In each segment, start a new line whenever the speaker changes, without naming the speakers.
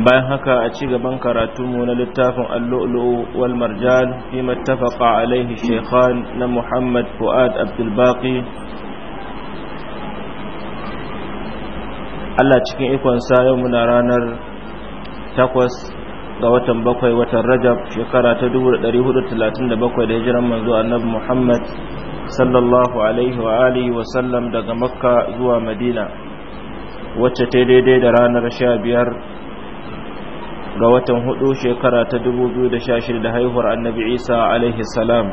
bayan haka a ci gaban karatunmu na littafin allu'lu'u wal marjan fi mattafaqa alaihi shaykhan na Muhammad Fuad Abdul Baqi Allah cikin ikon sa yau muna ranar 8 ga watan 7 watan Rajab shekara ta 1437 da hijiran manzo Annabi Muhammad sallallahu alaihi wa alihi wa sallam daga Makka zuwa Madina wacce ta daidai da ranar 15 ga watan hudu shekara ta 2016 da haihuwar annabi isa alaihi salam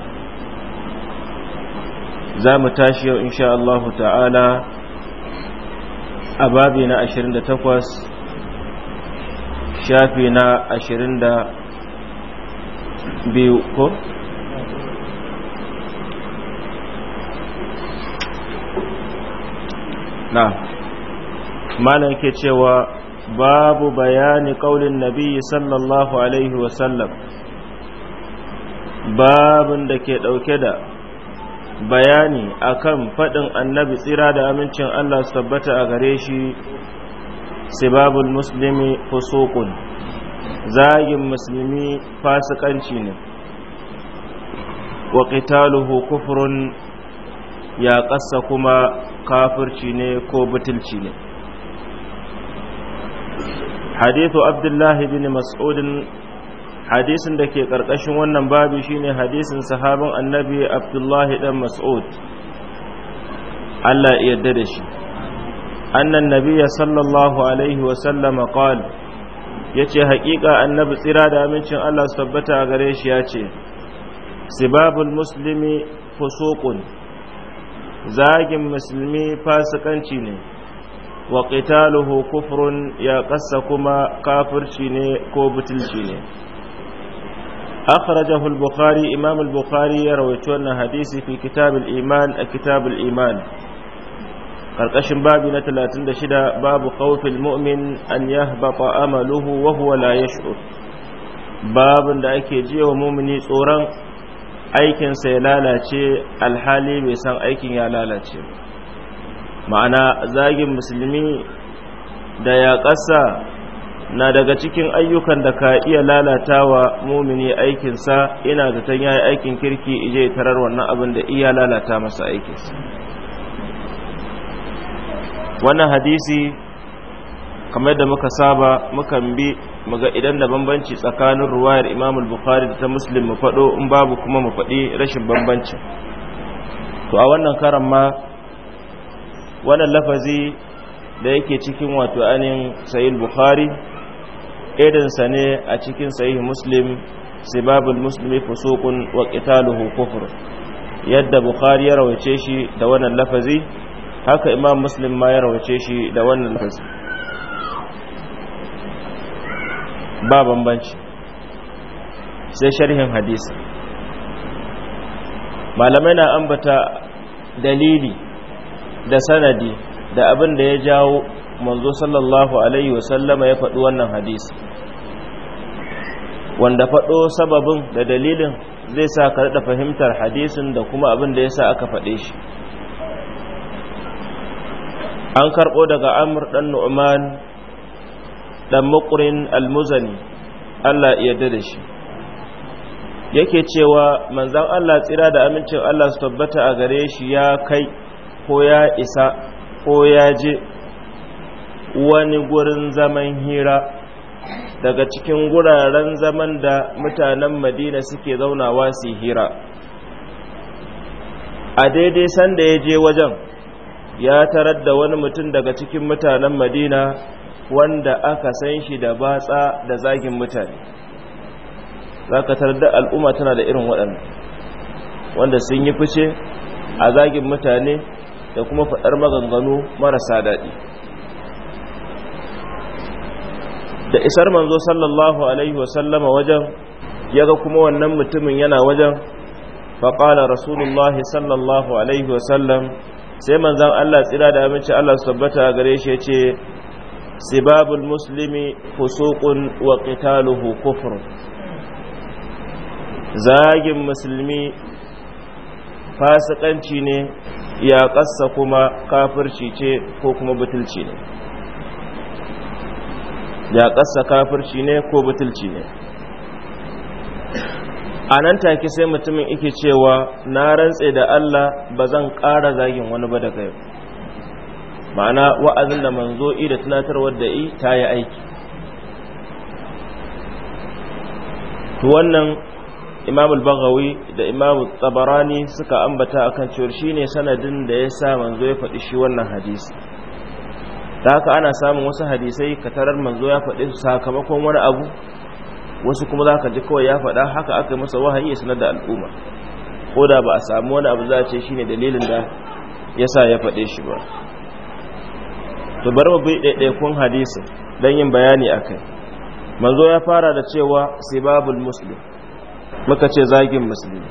za mu tashi yau insha allahu ta'ala a babi na 28 shafi na 22 ko? na malam ke cewa باب بيان قول النبي صلى الله عليه وسلم باب ke دوكي da bayani akan faɗin annabi tsira da amincin Allah su tabbata a gare shi sibabul muslimi fusuqun zagin musulmi fasikanci ne wa qitaluhu kufrun ya ƙasa kuma kafirci ne ko butulci ne hadithu abdullahi bin mas'udin hadisin da ke ƙarƙashin wannan babi shine hadisin sahabin annabi abdullahi dan mas'ud Allah ya yarda da shi annan nabiyya sallallahu alaihi wa sallama qala yace haƙiƙa annabi tsira da amincin Allah su tabbata a gare shi yace sibabul muslimi fusuqun zagin musulmi fasikanci ne wa qitaluhu kufrun ya kasa kuma kafirci ne ko butulci ne akhrajahu al-bukhari imam al-bukhari ya rawaito wannan hadisi fi kitab al-iman a kitab al-iman karkashin babi na 36 babu khawfil mu'min an yahbata amaluhu wa huwa la yash'ur babin da ake jiwa mumini tsoron aikinsa ya lalace alhali bai san aikin ya lalace ba ma'ana zagin musulmi da ya ƙasa na daga cikin ayyukan da ka iya lalatawa mumini aikinsa ina zaton ya yi aikin kirki ije tarar wannan abin da iya lalata masa aikinsa wannan hadisi kamar da muka saba mukan bi muga idan da bambanci tsakanin ruwayar imamul bukhari da ta muslim mu faɗo in babu kuma mu faɗi rashin bambanci to a wannan karan ma wannan lafazi da yake cikin wato anin sahih bukhari sa ne a cikin sahih muslim sibabul muslimi fusuqun wa qitaluhu kufr yadda bukhari ya rawace shi da wannan lafazi haka imam muslim ma ya rawace shi da wannan lafazi ba bambanci sai sharhin hadisi malamai na ambata dalili da sanadi da abin da ya jawo manzo sallallahu alaihi wasallama ya faɗi wannan hadisi wanda faɗo sababin da dalilin zai sa ka da fahimtar hadisin da kuma abin da ya sa aka faɗe shi an karɓo daga amur ɗan nu'man ɗan makurin almuzani allah iya da shi yake cewa manzan allah tsira da amincin allah su tabbata a gare shi ya kai ko ya isa ko ya je wani gurin zaman hira daga cikin guraren zaman da mutanen madina suke zaunawa su hira a daidai sanda ya je wajen ya tarar da wani mutum daga cikin mutanen madina wanda aka san shi da batsa da zagin mutane za ka tarar da al'umma tana da irin waɗanda wanda sun yi fice a zagin mutane da kuma faɗar maganganu marasa daɗi da isar manzo sallallahu alaihi wasallama wajen ya ga kuma wannan mutumin yana wajen faƙala rasulullahi sallallahu alaihi wasallam sai manzan Allah tsira da aminci Allah su tabbata a gare shi ya ce sibabul muslimi fusuqun wa qitaluhu kufr zagin musulmi fasikanci ne ya ƙasa kuma kafirci ce ko kuma butulci ne ƙasa kafirci ne ko butulci ne a nan take sai mutumin ike cewa na rantse da Allah ba zan ƙara zagin wani ba da kai ma'ana wa'azin da manzo i da tunatarwar da i ta yi aiki wannan imam al-baghawi da imam tabarani suka ambata akan cewa shine sanadin da ya sa manzo ya faɗi shi wannan hadisi da haka ana samun wasu hadisai ka tarar manzo ya faɗi sakamakon wani abu wasu kuma za ka ji kawai ya faɗa haka aka masa wahayi ya sanar da al'umma ko da ba a samu wani abu za a ce shine dalilin da yasa ya faɗe shi ba to bari mu bi ɗaiɗaikun hadisin don yin bayani akai manzo ya fara da cewa sibabul muslim muka ce zagin musulmi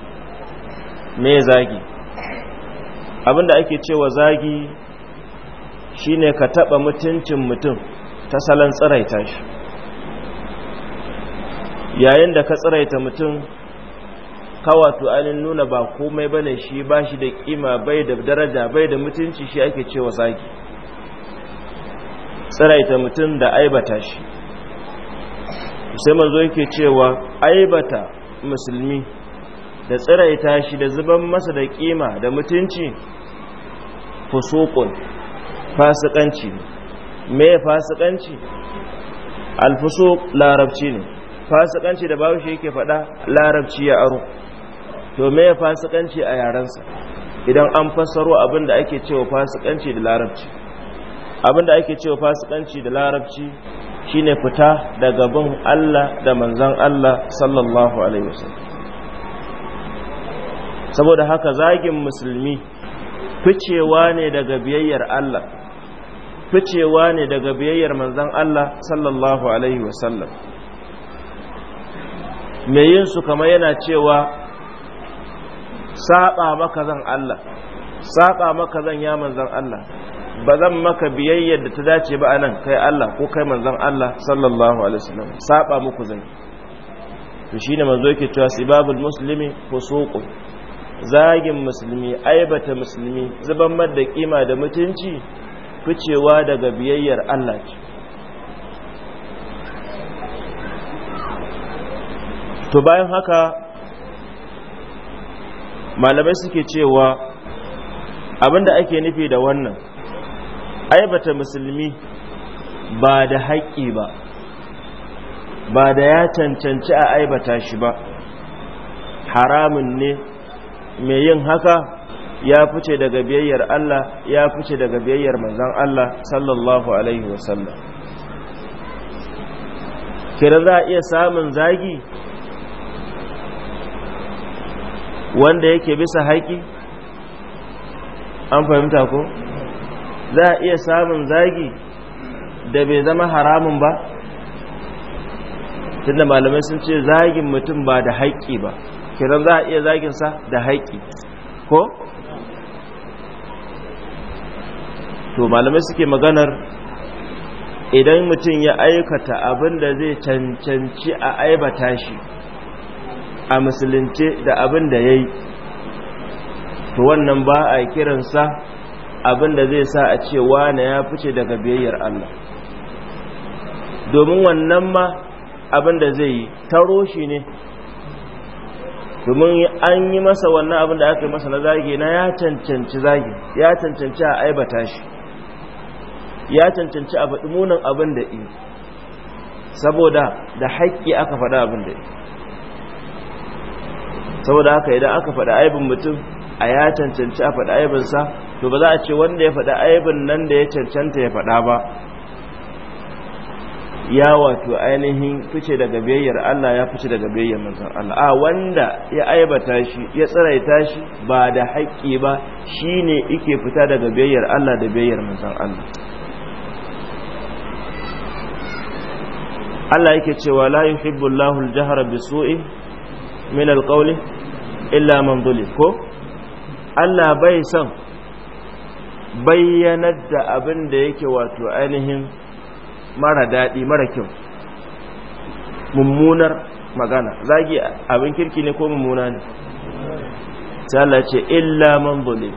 me zagi abinda ake cewa zagi shine ka taba mutuncin mutum ta salon tsiraita shi yayin da ka tsiraita mutum kawato ainihin nuna ba komai bane shi ba shi da kima bai da daraja bai da mutunci shi ake cewa zagi tsiraita mutum da aibata shi sai manzo yake cewa aibata musulmi da tsiraita shi da zuban masa da kima da mutunci fusukun fasikanci me fasikanci alfusuk larabci ne fasikanci da shi yake faɗa larabci ya aro to me fasikanci a yarensa idan an fassaro abin da ake cewa fasikanci da larabci abinda ake cewa fasikanci da larabci shine fita daga bin Allah da manzon Allah sallallahu alaihi wasallam saboda haka zagin musulmi ficewa ne daga biyayyar Allah ficewa ne daga biyayyar manzon Allah sallallahu alaihi wasallam me yin su kamar yana cewa saba maka zan Allah saba maka zan ya manzon Allah ba zan maka biyayyar da ta dace ba anan kai Allah ko kai manzon Allah sallallahu alaihi wasallam saba muku zan to shine manzo yake cewa sibabul muslimi fusuqun zagin musulmi aibata musulmi zuban da kima da mutunci ficewa daga biyayyar Allah ce to bayan haka malamai suke cewa abinda ake nufi da wannan aibata musulmi ba da haƙƙi ba ba da ya cancanci a aibata shi ba haramun ne mai yin haka ya fice daga biyayyar Allah ya fice daga biyayyar manzan Allah sallallahu alaihi wasallam kira za a iya samun zagi wanda yake bisa haƙi an fahimta ko? za a iya samun zagi da bai zama haramun ba tunda malamai sun ce zagin mutum ba da haƙƙi ba kiran za a iya zaginsa da haƙƙi ko? to malamai suke maganar idan mutum ya aikata abin da zai cancanci a aibata shi a musulunce da abin da ya yi to wannan ba a kiransa abin da zai sa a ce wane ya fice daga biyayyar Allah domin wannan ma abin da zai yi taro shi ne domin an yi masa wannan abin da aka yi masa na zage na ya cancanci zage ya cancanci a aibata shi ya cancanci a faɗi munin abin da yi saboda da haƙƙi aka faɗa abin da yi saboda haka idan aka faɗa aibin mutum a ya cancanci a faɗa aibinsa to ba za a ce wanda ya faɗa aibin nan da ya cancanta ya faɗa ba ya wato ainihin fice daga biyayyar Allah ya fice daga biyayyar manzon Allah a wanda ya aibata shi ya tsiraita shi ba da haƙƙi ba shine yake fita daga biyayyar Allah da biyayyar manzon Allah Allah yake cewa la yuhibbu Allahu al-jahra bisu'i min al-qawli illa man dhulim ko Allah bai son bayyanar da abin da yake wato ainihin mara daɗi mara kyau mummunar magana zagi abin kirki ne ko mummuna ne tsalla ce illa man zulim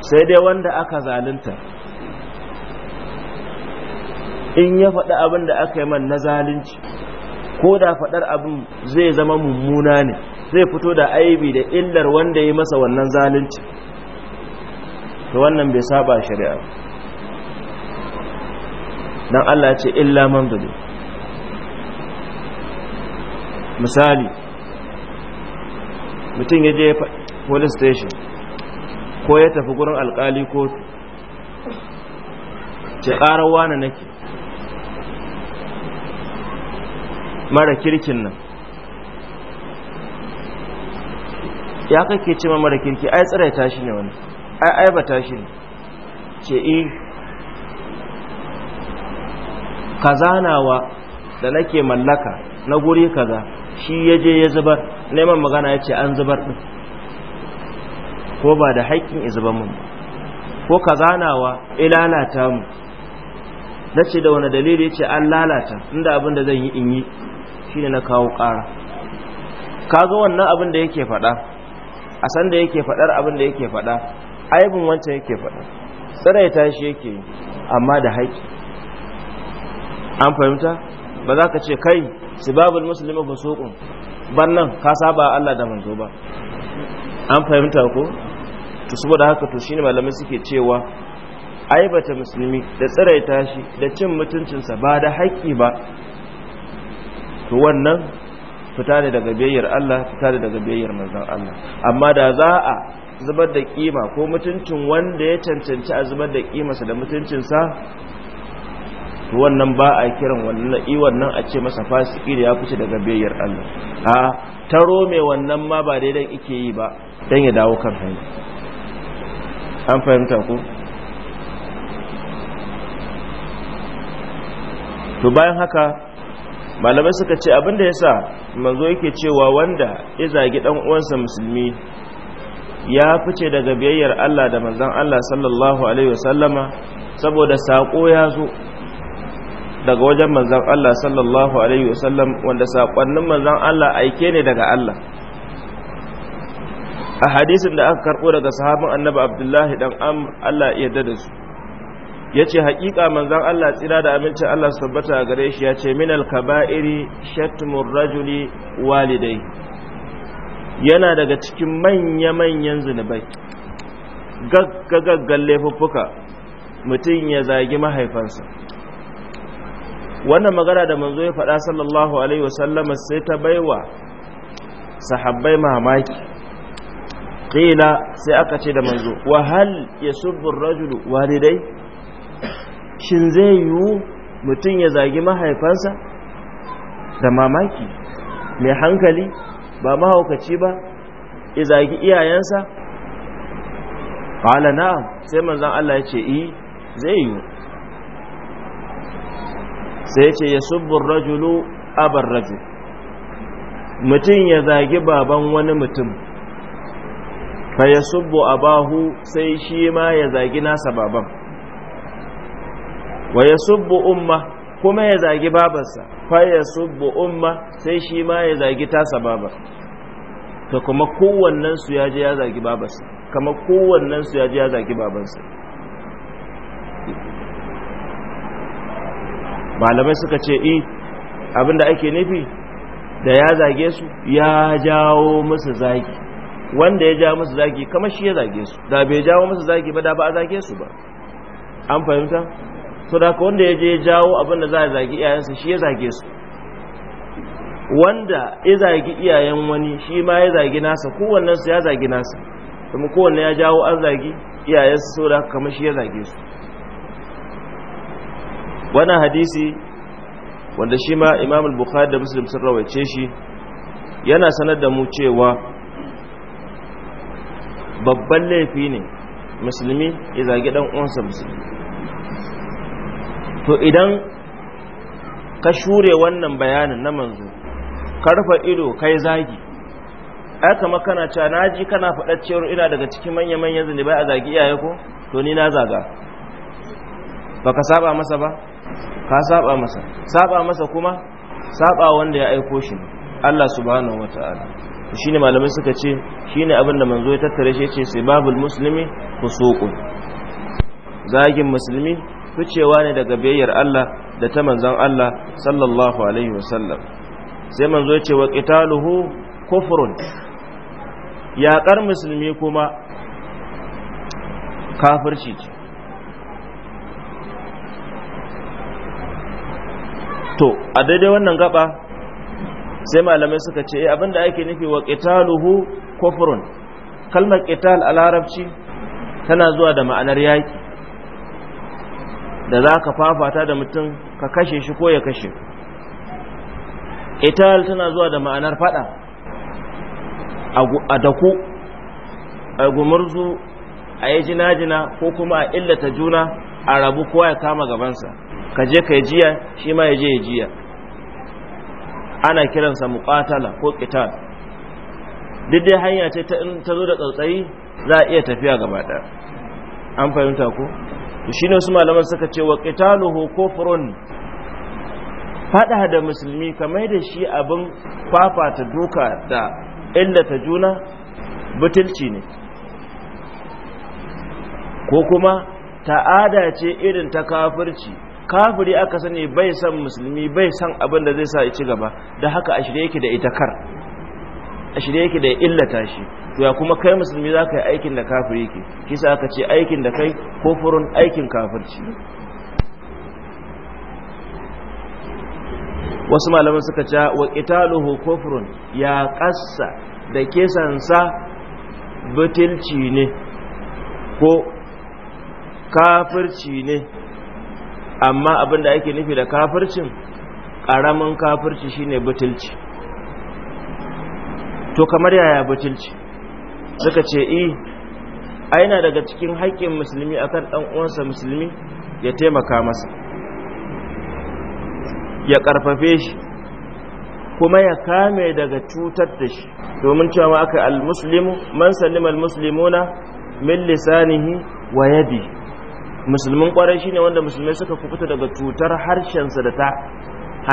sai dai wanda aka zalunta in ya faɗi abin da aka yi man na zalunci ko da faɗar abin zai zama mummuna ne zai fito da aibi da illar wanda ya masa wannan zalunci to wannan bai saba shari'a dan Allah ce illa man dudu misali mutum ya je police station ko ya tafi gurin alkali ko ce ƙarar na nake mara kirkin nan ya kake ce mara kirki ai ya tashi ne wani ai aibata shi ce eh, kaza kazanawa da nake mallaka na guri kaza shi ya je ya zubar neman magana ya ce an zubar din? ko ba da haƙƙin izuban mun ko kazanawa ilalata mu na ce da wani dalili ya ce an lalata inda abin da zan yi in yi shi ne na kawo ƙara kaga wannan abin da yake faɗa a san da yake faɗar abin da yake faɗa aibin wancan yake faɗa ta shi yake yi amma da haiki an fahimta ba za ka ce kai sibabul musulmi ban nan ka saba Allah da manzo ba an fahimta ko to saboda haka to shine malamai suke cewa aibata musulmi da ta shi da cin mutuncinsa ba da haiki ba to wannan fita ne daga biyayyar Allah fita ne daga biyayyar manzon Allah amma da za a zubar da kima ko mutuncin wanda ya cancanci a zubar da kimarsa da mutuncinsa to wannan ba a kiran wannan i a ce masa fasiki da ya fice daga biyayyar Allah a taro mai wannan ma ba daidai yake yi ba dan ya dawo kan hanya an fahimta ko to bayan haka malamai suka ce abinda ya sa manzo yake cewa wanda ya zagi dan uwansa musulmi ya fice daga biyayyar Allah da manzon Allah sallallahu alaihi wasallama saboda sako ya zo daga wajen manzon Allah sallallahu alaihi wasallam wanda sakonnin manzon Allah aike ne daga Allah a hadisin da aka karbo daga sahabin annabi Abdullahi dan Amr Allah ya yarda da su ya ce haƙiƙa manzan Allah tsira da amincin Allah su tabbata a gare shi ya ce minal kaba'iri shatmur rajuli walidai yana daga cikin manya-manyan zunubai gaggagaggan laifuffuka mutum ya zagi mahaifansa wannan magana da manzo ya faɗa sallallahu alaihi wasallama sai ta baiwa sahabbai mamaki ƙila sai aka ce da manzo wahal ya subbin rajulu walidai shin zai yiwu mutum ya zagi mahaifansa da mamaki mai hankali ba mahaukaci ba ya zagi iyayensa ƙala na'am sai manzan Allah ya ce yi eh, zai yiwu sai ce ya subbin rajulu abar raju. mutum ya zagi baban wani mutum fa ya a abahu sai shi ma ya zagi nasa baban wa yasubbu umma kuma ya zagi babarsa fa yasubbu umma sai shi ma ya zagi tasa babar to kuma kowannen su ya ji ya zagi babarsa kama kowannen su ya ji ya zagi babarsa malamai suka ce i e, abinda ake nufi da ya zage su ya jawo musu zagi wanda ya jawo musu zagi kamar shi ya zage su da bai jawo musu zagi ba da ba a zage su ba an fahimta so da ka wanda ya je jawo abin da za a zagi iyayensa shi ya zage su wanda ya zagi iyayen wani shi ma ya zagi nasa kowannensu ya zagi nasa kuma kowanne ya jawo an zagi iyayensu so da kamar shi ya zage su wannan hadisi wanda shi ma imam al-bukhari da muslim sun rawace shi yana sanar da mu cewa babban laifi ne musulmi ya zagi dan uwansa musulmi to idan ka shure wannan bayanin na manzo ka rufe ido kai zagi ai kama kana cewa naji kana faɗar cewa ina daga cikin manya-manyan bai a zagi iyaye ko to ni na zaga ba ka saba masa ba ka saba masa saba masa kuma saba wanda ya aiko shi Allah subhanahu wata'ala shi ne malamai suka ce shi ne da manzo ya tattare shi ya ce sai babul musulmi fusuqun zagin musulmi ficewa ne daga biyayyar Allah da ta manzon Allah sallallahu alaihi wasallam sai manzo ya ce wa qitaluhu kufrun yaƙar musulmi kuma kafirci ce to a daidai wannan gaba sai malamai suka ce eh, abinda ake nufi wa qitaluhu kufrun kalmar qital a larabci tana zuwa da ma'anar yaki. da za ka fafata da mutum ka kashe shi ko ya kashe ita tana zuwa da ma'anar fada a daku a gumurzu a yi jina-jina ko kuma a illata juna a rabu kowa ya kama gabansa ka je ka yi jiya shi ma ya je ya jiya ana kiransa muƙatala ko ƙital duk dai hanya ce ta zo da tsautsayi za a iya tafiya gaba an fahimta ko shi ne wasu malaman suka ce wa ko kufrun Faɗa da musulmi kamar da shi abin fafata duka da illata juna butulci ne ko kuma ta'ada ce irin ta kafirci kafiri aka sani bai san musulmi bai san abin da zai sa ci gaba da haka a shirye yake da ita kar a shirye yake da ya illata shi to ya kuma kai musulmi za ka yi aikin da kafiri ke kisa aka ce aikin da kai ko furun aikin kafirci wasu malaman suka ce wa qitaluhu kufrun ya ƙasa da kisansa butulci ne ko kafirci ne amma abinda ake nufi da kafircin ƙaramin kafirci shine butulci to kamar yaya butulci suka ce eh aina daga cikin haƙƙin musulmi akan ɗan uwansa musulmi ya taimaka masa ya ƙarfafe shi kuma ya kame daga cutar da shi domin cewa aka almuslimu man sallima almuslimuna min lisanihi wa yadi musulmin kwarai shine wanda musulmai suka kubuta daga cutar harshen sa da ta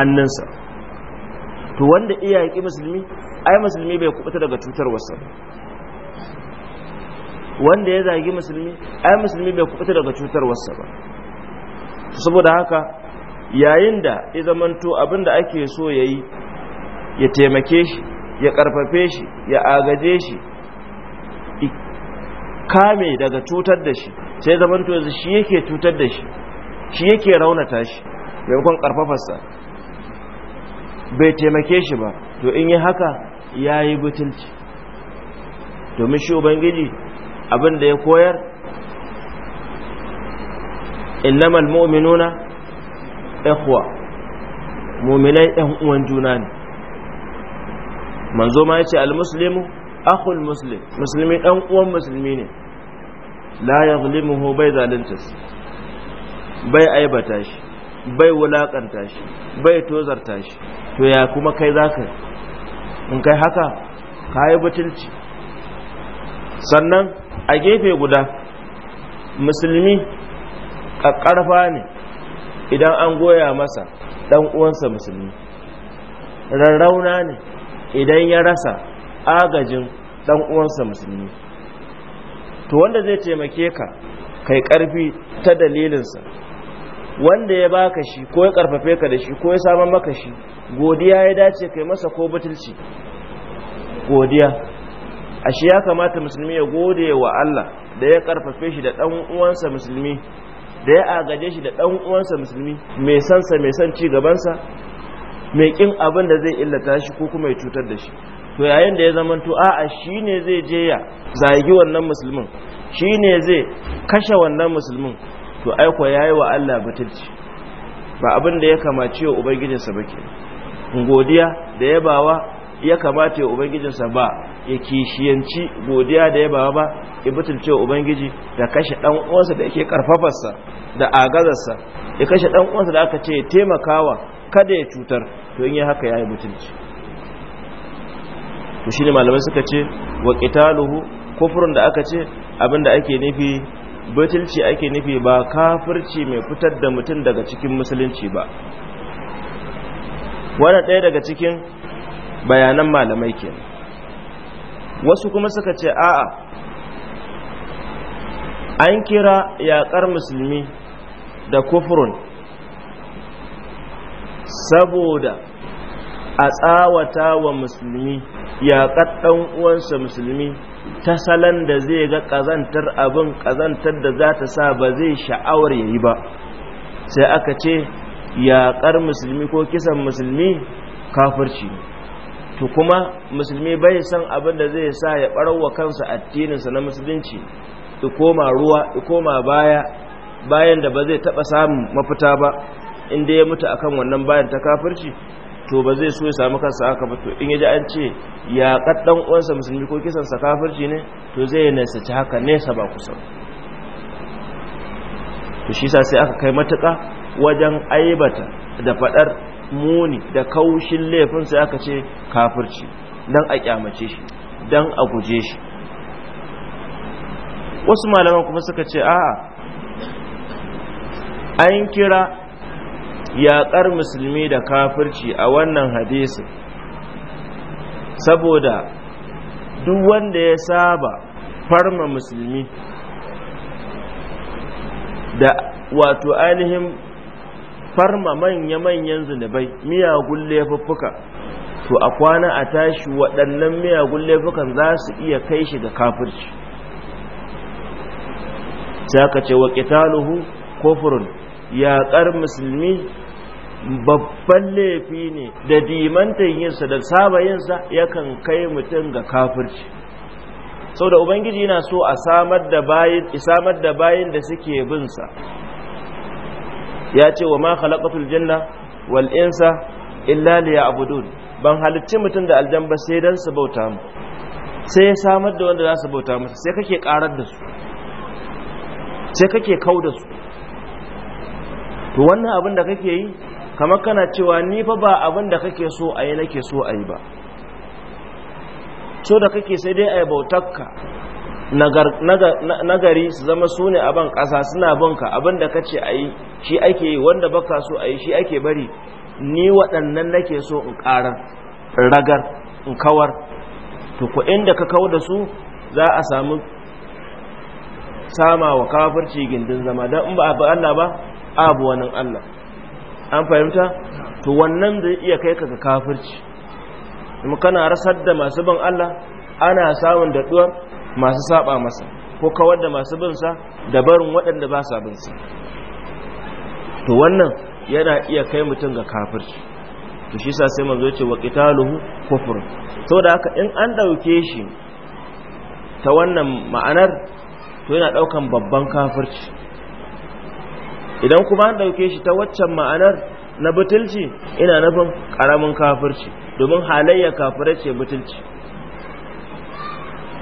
hannunsa to wanda iya musulmi ai musulmi bai kubuta daga wasa wanda ya zagi musulmi ai musulmi bai kubuta daga wasa ba saboda haka yayin da ya abin abinda ake so ya yi ya taimake shi ya karfafe shi ya agaje shi kame daga cutar da shi sai zamanto yanzu shi yake cutar da shi shi yake raunata shi maimakon karfafarsa bai taimake shi ba to in yi haka ya yi butulci domin shi ubangiji abin da ya koyar innamal mu'minuna ikhwa mu'minai ɗan uwan juna ne manzo ma yace al-muslimu akhul muslim musulmi ɗan uwan musulmi ne la yazlimuhu bai zalintas bai aibata shi bai wulakanta shi bai tozarta shi to ya kuma kai zaka in kai haka yi butulci sannan a gefe guda musulmi ƙarfa ne idan an goya masa ɗan uwansa musulmi rarrauna ne idan ya rasa agajin ɗan uwansa musulmi to wanda zai taimake ka kai ƙarfi ta dalilinsa wanda ya baka shi ko ya karfafe ka da shi ko ya saman maka shi godiya ya dace kai masa ko butulci godiya ashe ya kamata musulmi ya gode wa Allah da ya karfafe shi da dan uwansa musulmi da ya agaje shi da dan uwansa musulmi mai san mai san ci gabansa, mai kin abin da zai illata shi ko kuma ya cutar da shi to yayin da ya zamanto a'a shine zai je ya zagi wannan musulmin shine zai kashe wannan musulmin to aiko yayi wa Allah batulci ba abin da ya kamace wa ubangijinsa ke, godiya da yabawa ya kamata ya ubangijinsa ba ya kishiyanci godiya da yabawa ba ya batulce wa ubangiji da kashe dan uwansa da yake ƙarfafarsa da agazarsa ya kashe dan uwansa da aka ce ya taimakawa kada ya cutar to in yi haka yayi batulci to shine malamai suka ce wa qitaluhu kufrun da aka ce da ake nufi batulci ake nufi ba kafirci mai fitar da mutum daga cikin musulunci ba wannan ɗaya daga cikin bayanan malamai ke wasu kuma suka ce a'a an kira yaƙar musulmi da kufurun saboda a tsawata wa musulmi yaƙar ɗan uwansa musulmi ta salon da zai ga ƙazantar abin ƙazantar da za ta sa ba zai sha'awar ya yi ba sai aka ce yaƙar musulmi ko kisan musulmi kafirci to kuma musulmi bai san abin da zai sa ya ɓarwa kansa addininsa na musulunci koma ruwa koma baya bayan da ba zai taɓa samun mafita ba inda ya mutu akan wannan bayan ta kafirci to ba zai so ya samu kansa haka ba to in yaji an ce ya kaddan uwansa musulmi ko kisan sa kafirci ne to zai nesa ci haka nesa ba kusa to shi sa sai aka kai matuka wajen aibata da fadar muni da kaushin laifin sai aka ce kafirci dan a kyamace shi dan a guje shi wasu malaman kuma suka ce a'a an kira yaƙar musulmi da kafirci a wannan hadisi saboda duk wanda ya saba farma musulmi da wato ainihin farma manya-manyan zunubai miyagun laifuffuka to a kwana a tashi waɗannan miyagun laifukan za su iya kai shi da kafirci sai aka ce wa ƙitaluhu kofurun yaƙar musulmi babban laifi ne da dimantan yinsa da saba yinsa yakan kai mutum ga kafirci sau da ubangiji yana so a samar da bayin da suke binsa ya ce wa ma khalaqatul janna wal insa illa liya'budun ban halicci mutum da aljan ba sai dan su bauta mu sai ya samar da wanda za su bauta masa sai kake karar da su sai kake kau da su to wannan abin da kake yi kamar kana cewa ni fa ba abin da kake so a yi nake so a yi ba so da kake sai dai a yi bautakka nagari su zama su ne a ban ƙasa suna banka abin da kace a yi shi ake yi wanda baka so a yi shi ake bari ni waɗannan nake so in ƙarar ragar in kawar to ku inda ka kawo da su za a samu sama wa kafirci gindin zama don in ba abu Allah ba abu wani Allah an fahimta to wannan zai iya kai ka kafirci kuma kana rasar da masu bin Allah ana samun daduwar masu saba masa ko kawar da masu bin sa da barin waɗanda ba sa bin sa to wannan yana iya kai mutum ga kafirci to shi sa sai manzo ce wa qitaluhu kufr da haka in an dauke shi ta wannan ma'anar to yana daukan babban kafirci idan kuma an ɗauke shi ta waccan ma'anar na butulci ina nufin ƙaramin kafirci domin halayya kafirai ce butulci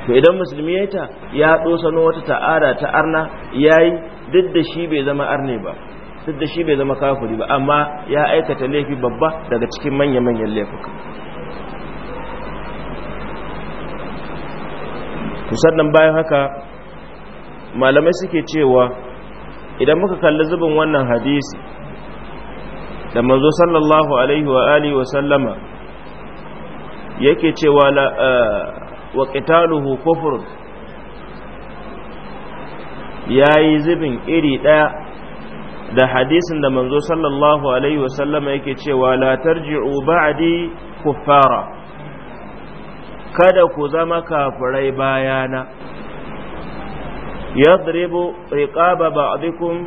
to idan musulmi ya ta ya ɗosano wata ta'ada ta arna ya yi duk da shi bai zama arne ba duk da shi bai zama kafiri ba amma ya aikata laifi babba daga cikin manya-manyan laifuka sannan bayan haka malamai suke cewa idan muka kalli zubin wannan hadisi da manzo sallallahu alaihi wa alihi wa sallama yake cewa la eh, wa qitaluhu kufr yayi zubin iri daya da hadisin da manzo sallallahu alaihi wa sallama yake cewa la tarji'u ba'di kuffara kada ku zama kafirai bayana yadribu riqaba ba'dikum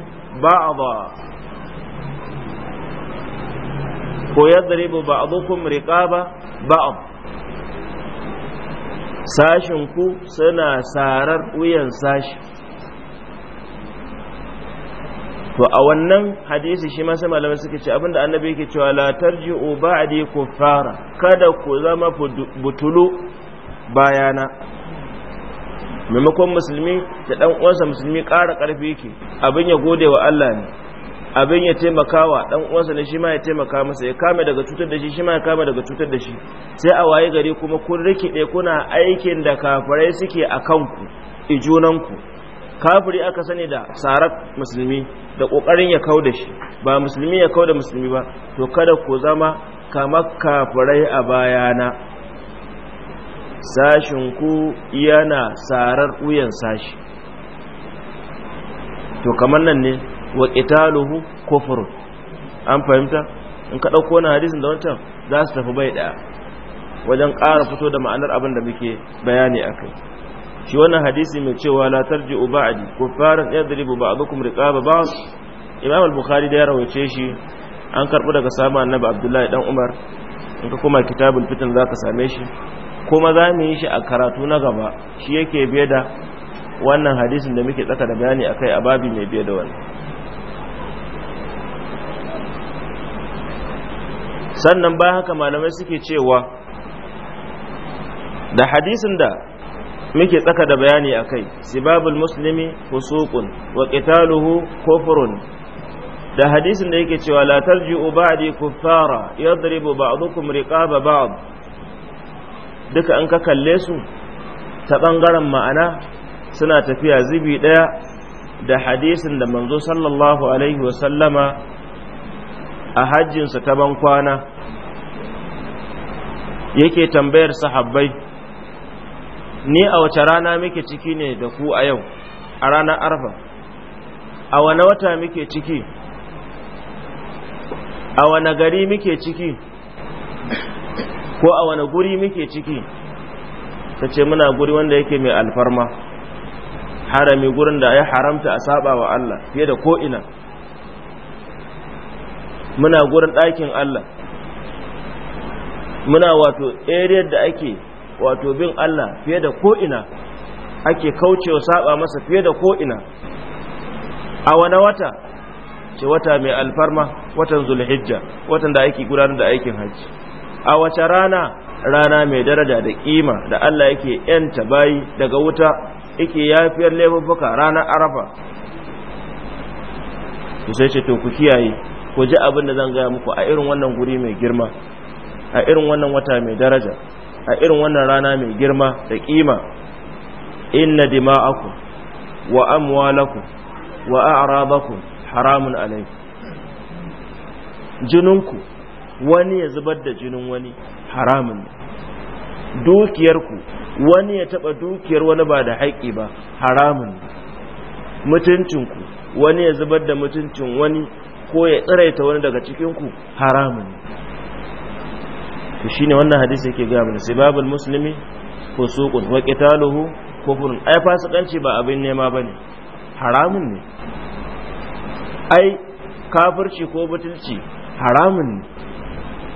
ba'dha ko yadribu ba'dukum riqaba ba'd sashin ku suna sarar wuyan sashi to a wannan hadisi shi masu malamai suke ce abinda annabi yake cewa la tarji'u ba'di kuffara kada ku zama butulu bayana maimakon musulmi da dan uwansa musulmi ƙara ƙarfi yake abin ya gode wa Allah ne abin ya taimakawa dan uwansa ne shi ma ya taimaka masa ya kame daga cutar da shi shi ma ya kame daga cutar da shi sai a waye gari kuma kun rikide kuna aikin da kafirai suke a kanku ijunanku kafiri aka sani da sarar musulmi da kokarin ya kauda shi ba musulmi ya kauda musulmi ba to kada ku zama kamar kafirai a bayana sashinku yana sarar wuyan sashi to kamar nan ne wa qitaluhu kufr an fahimta in ka dauko wannan hadisin da wancan za su tafi bai ɗaya. wajen ƙara fito da ma'anar abin da muke bayani akai shi wannan hadisi mai cewa la tarji'u ba'di kuffaran yadribu ba'dukum riqaba ba'd Imam al-Bukhari da ya rawaice shi an karbu daga sahabi Annabi Abdullahi dan Umar in ka koma kitabul fitan zaka same shi kuma za mu yi shi a karatu na gaba shi yake biye da wannan hadisin da muke tsaka da bayani akai a babi mai biye da wannan sannan ba haka malamai suke cewa da hadisin da muke tsaka da bayani akai sibabul muslimi fusuqun wa qitaluhu kufrun da hadisin da yake cewa la tarji'u ba'di kuffara yadribu ba'dukum riqaba ba'd duka an ka kalle su ta ɓangaren ma'ana suna tafiya zubi ɗaya da hadisin da manzo sallallahu alaihi wasallama a hajjinsa ta bankwana yake tambayar sahabbai ni a wace rana muke ciki ne da ku a yau a ranar arfa a wane wata muke ciki a wane gari muke ciki ko a wani guri muke ciki ta ce muna guri wanda yake mai alfarma harami gurin da ya haramta a saba wa Allah fiye da ko'ina muna gurin ɗakin Allah muna wato ariyar da ake wato bin Allah fiye da ko'ina ake kaucewa saba masa fiye da ko'ina a wani wata ce wata mai alfarma watan zulhijja watan da ake gudanar da aikin hajji a wace rana rana mai daraja da kima da Allah yake yanta bayi daga wuta yake yafiyar laifuffuka ranar arafa ku sai ce to ku kiyaye ku ji abin da zan gaya muku a irin wannan guri mai girma a irin wannan wata mai daraja a irin wannan rana mai girma da kima inna dima'akum wa amwalakum wa a'radakum haramun alaykum jininku wani ya zubar da jinin wani haramun ne dukiyarku wani ya taba dukiyar wani ba da haƙƙi ba haramun ne mutuncinku wani ya zubar da mutuncin wani ko ya tsiraita wani daga cikinku haramun to shine wannan hadisi yake ga mana sababul muslimi fusuqun wa qitaluhu kufrun ai fasikanci ba abin nema bane haramun ne ai kafirci ko butulci haramun ne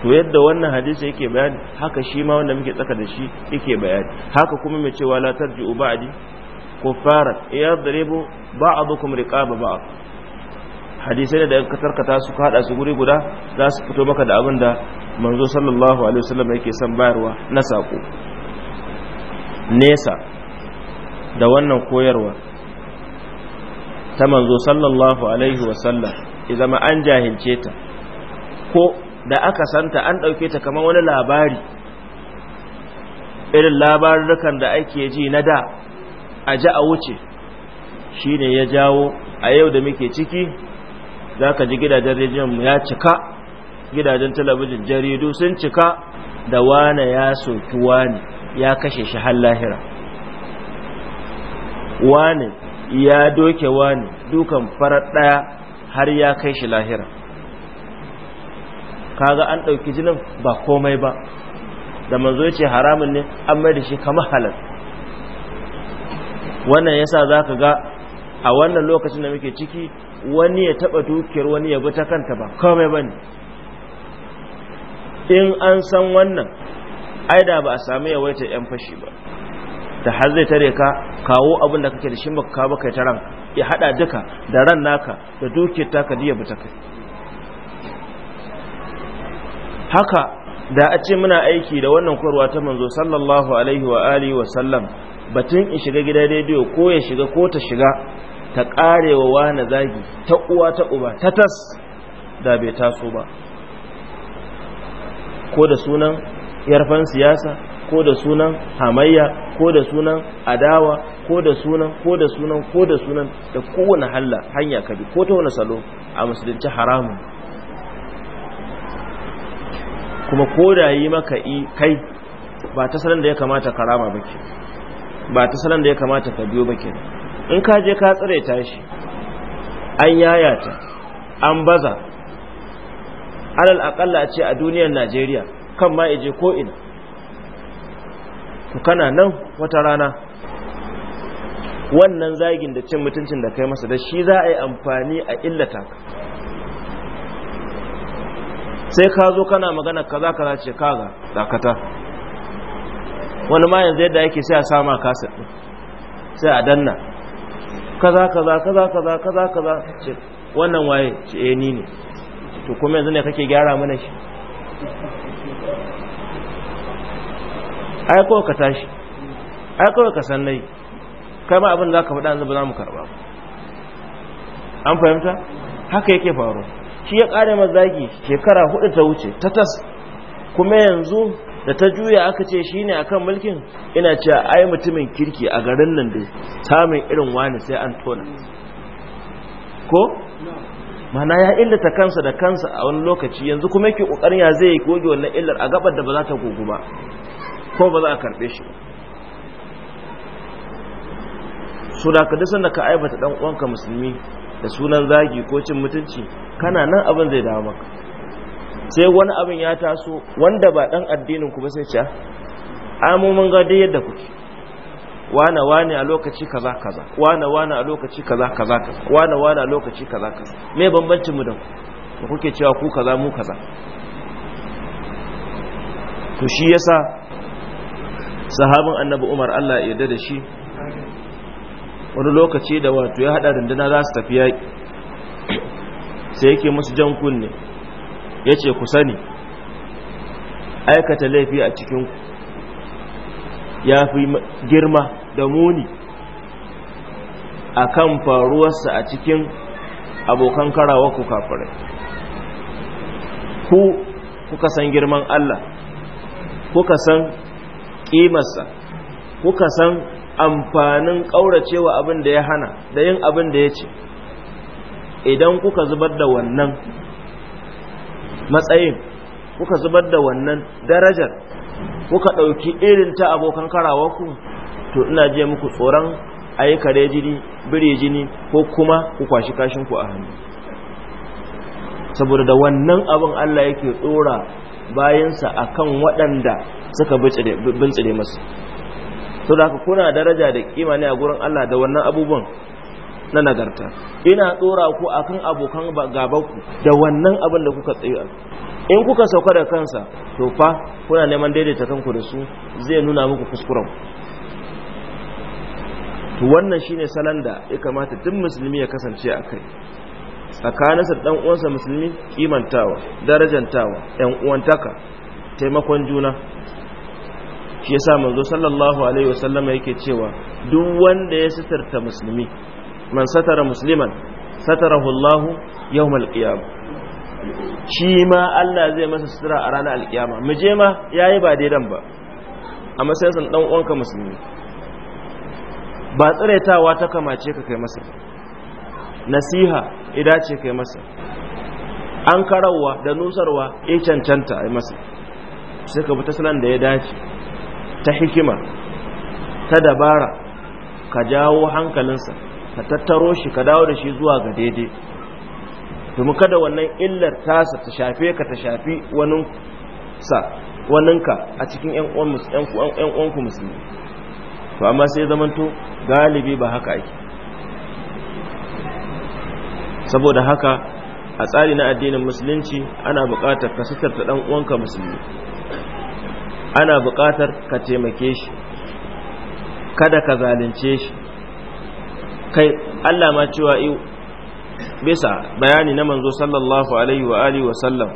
to yadda wannan hadisi yake bayani haka shi ma wanda muke tsaka da shi yake bayani haka kuma mai cewa la tarji'u ba'di ya yadribu ba'dukum riqaba ba'd hadisai da ka tarkata su ka hada su guri guda za su fito maka da abin da manzo sallallahu alaihi wasallam yake son bayarwa na sako nesa da wannan koyarwa ta manzo sallallahu alaihi wasallam idan an jahilce ta ko da aka santa an ɗauke ta kamar wani labari irin labarukan da ake ji na da a ji a wuce shi ne ya jawo a yau da muke ciki za ka ji gidajen rediyon ya cika gidajen talabijin jaridu sun cika da wane ya soki wane ya kashe shi har lahira wane ya doke wane dukan farar ɗaya har ya kai shi lahira kaga an ɗauki jinin ba komai ba da manzo yace haramun ne an mai da shi kamar halal wannan yasa zaka ga a wannan lokacin da muke ciki wani ya taba dukiyar wani ya bi ta kanta ba komai ba in an san wannan ai da ba a sami yawaitar 'yan fashi ba da har zai tare ka kawo abin da kake da shi baka kawo baka ta ran ya hada duka da ran naka da dukiyar taka diya bi ta kai haka da a ce muna aiki da wannan koyarwa ta manzo sallallahu alaihi wa alihi wa sallam batun in shiga gida rediyo ko ya shiga ko ta shiga ta karewa wani zagi ta uwa ta uba ta tas da bai taso ba ko da sunan yarfan siyasa ko da sunan hamayya ko da sunan adawa ko da sunan ko da sunan ko da sunan da kowane halla hanya bi ko ta wani salo a musulunci haramun kuma ko da yi maka i kai ba ta salon da ya kamata ka ba ke ba ta salon da ya kamata ka biyo ba in ka je ka tsare ta shi an yayata an baza alal akalla ce a duniyar najeriya kan ma ije ko ina ku kana nan wata rana wannan zagin da cin mutuncin da kai masa da shi za a yi amfani a illata sai ka zo kana magana kaza kaza ce kaga dakata wani ma yanzu yadda yake sai a sama kasar din sai a danna kaza kaza kaza kaza kaza kaza ce wannan waye ce eh ni ne to kuma yanzu ne kake gyara mana shi ai kawai ka tashi ai kawai ka san nai kai ma abin da zaka faɗa yanzu ba za mu karba an fahimta haka yake faruwa shi ya kare mazagi shekara hudu ta wuce ta tas kuma yanzu da ta juya aka ce shi ne akan mulkin ina cewa ai mutumin kirki a garin nan da samun irin wani sai an tona ko mana ya illata kansa da kansa a wani lokaci yanzu kuma yake kokarin ya zai goge wannan illar a gabar da ba za ta gugu ba ko ba za a karbe shi so da ka duk sanda ka aibata dan uwanka musulmi da sunan zagi ko cin mutunci kana nan abin zai dawo maka sai wani abin ya taso wanda ba dan addinin ku ba sai ce amu ah, mun ga dai yadda kuke wana wani a lokaci kaza kaza wana wani a lokaci kaza kaza kaza wana wani a lokaci kaza kaza me bambancin mu da ku kuke cewa ku kaza mu kaza to shi yasa sahabin annabi umar allah ya yarda da shi wani lokaci da wato ya hada rundunar za su tafi yaƙi sai yake musu jan kunne ya ce ku sani aikata laifi a cikinku ya fi girma da muni a kan faruwarsa a cikin abokan karawa ku kafirai ku kuka san girman Allah kuka san ƙimarsa kuka san amfanin ƙauracewa abin da ya hana da yin abin da ya ce idan kuka zubar da wannan matsayin kuka zubar da wannan darajar kuka ɗauki irin ta abokan karawarku to ina je muku tsoron a yi kare jini bire jini ko kuma ku kwashi kashinku a hannu saboda da wannan abin Allah yake tsora bayansa a kan waɗanda suka bincire masu to da kuna daraja da kima ne a gurin Allah da wannan abubuwan na nagarta ina tsora ku akan abokan gabanku da wannan abin da kuka tsaye in kuka sauka da kansa to fa kuna neman daidaita kanku da su zai nuna muku kuskuren to wannan shine salon da ya kamata duk musulmi ya kasance a kai tsakaninsa da dan uwansa musulmi kimantawa darajantawa yan uwantaka taimakon juna shi yasa manzo sallallahu alaihi wasallam yake cewa duk wanda ya sitarta musulmi man satara musliman satarahu Allah yawmal qiyam shi ma Allah zai masa sutura a ranar alkiyama mu je ma yayi ba daidan ba a matsayin dan uwanka musulmi ba ta kamace ka kai masa nasiha ida ce kai masa an karawa da nusarwa ya eh, cancanta a masa sai ka ta salon da ya dace ta hikima ta dabara ka jawo hankalinsa ka tattaro shi ka dawo da shi zuwa ga daidai domin kada wannan illar tasa ta shafe ka ta shafi wanin sa ka a cikin yan uwanku musulmi to amma sai zamanto galibi ba haka ake saboda haka a tsari na addinin musulunci ana buƙatar ka da ɗan uwanka musulmi ana buƙatar ka taimake shi kada ka zalunce shi kai Allah ma cewa iyo bisa bayani na manzo sallallahu alaihi wa alihi wa sallam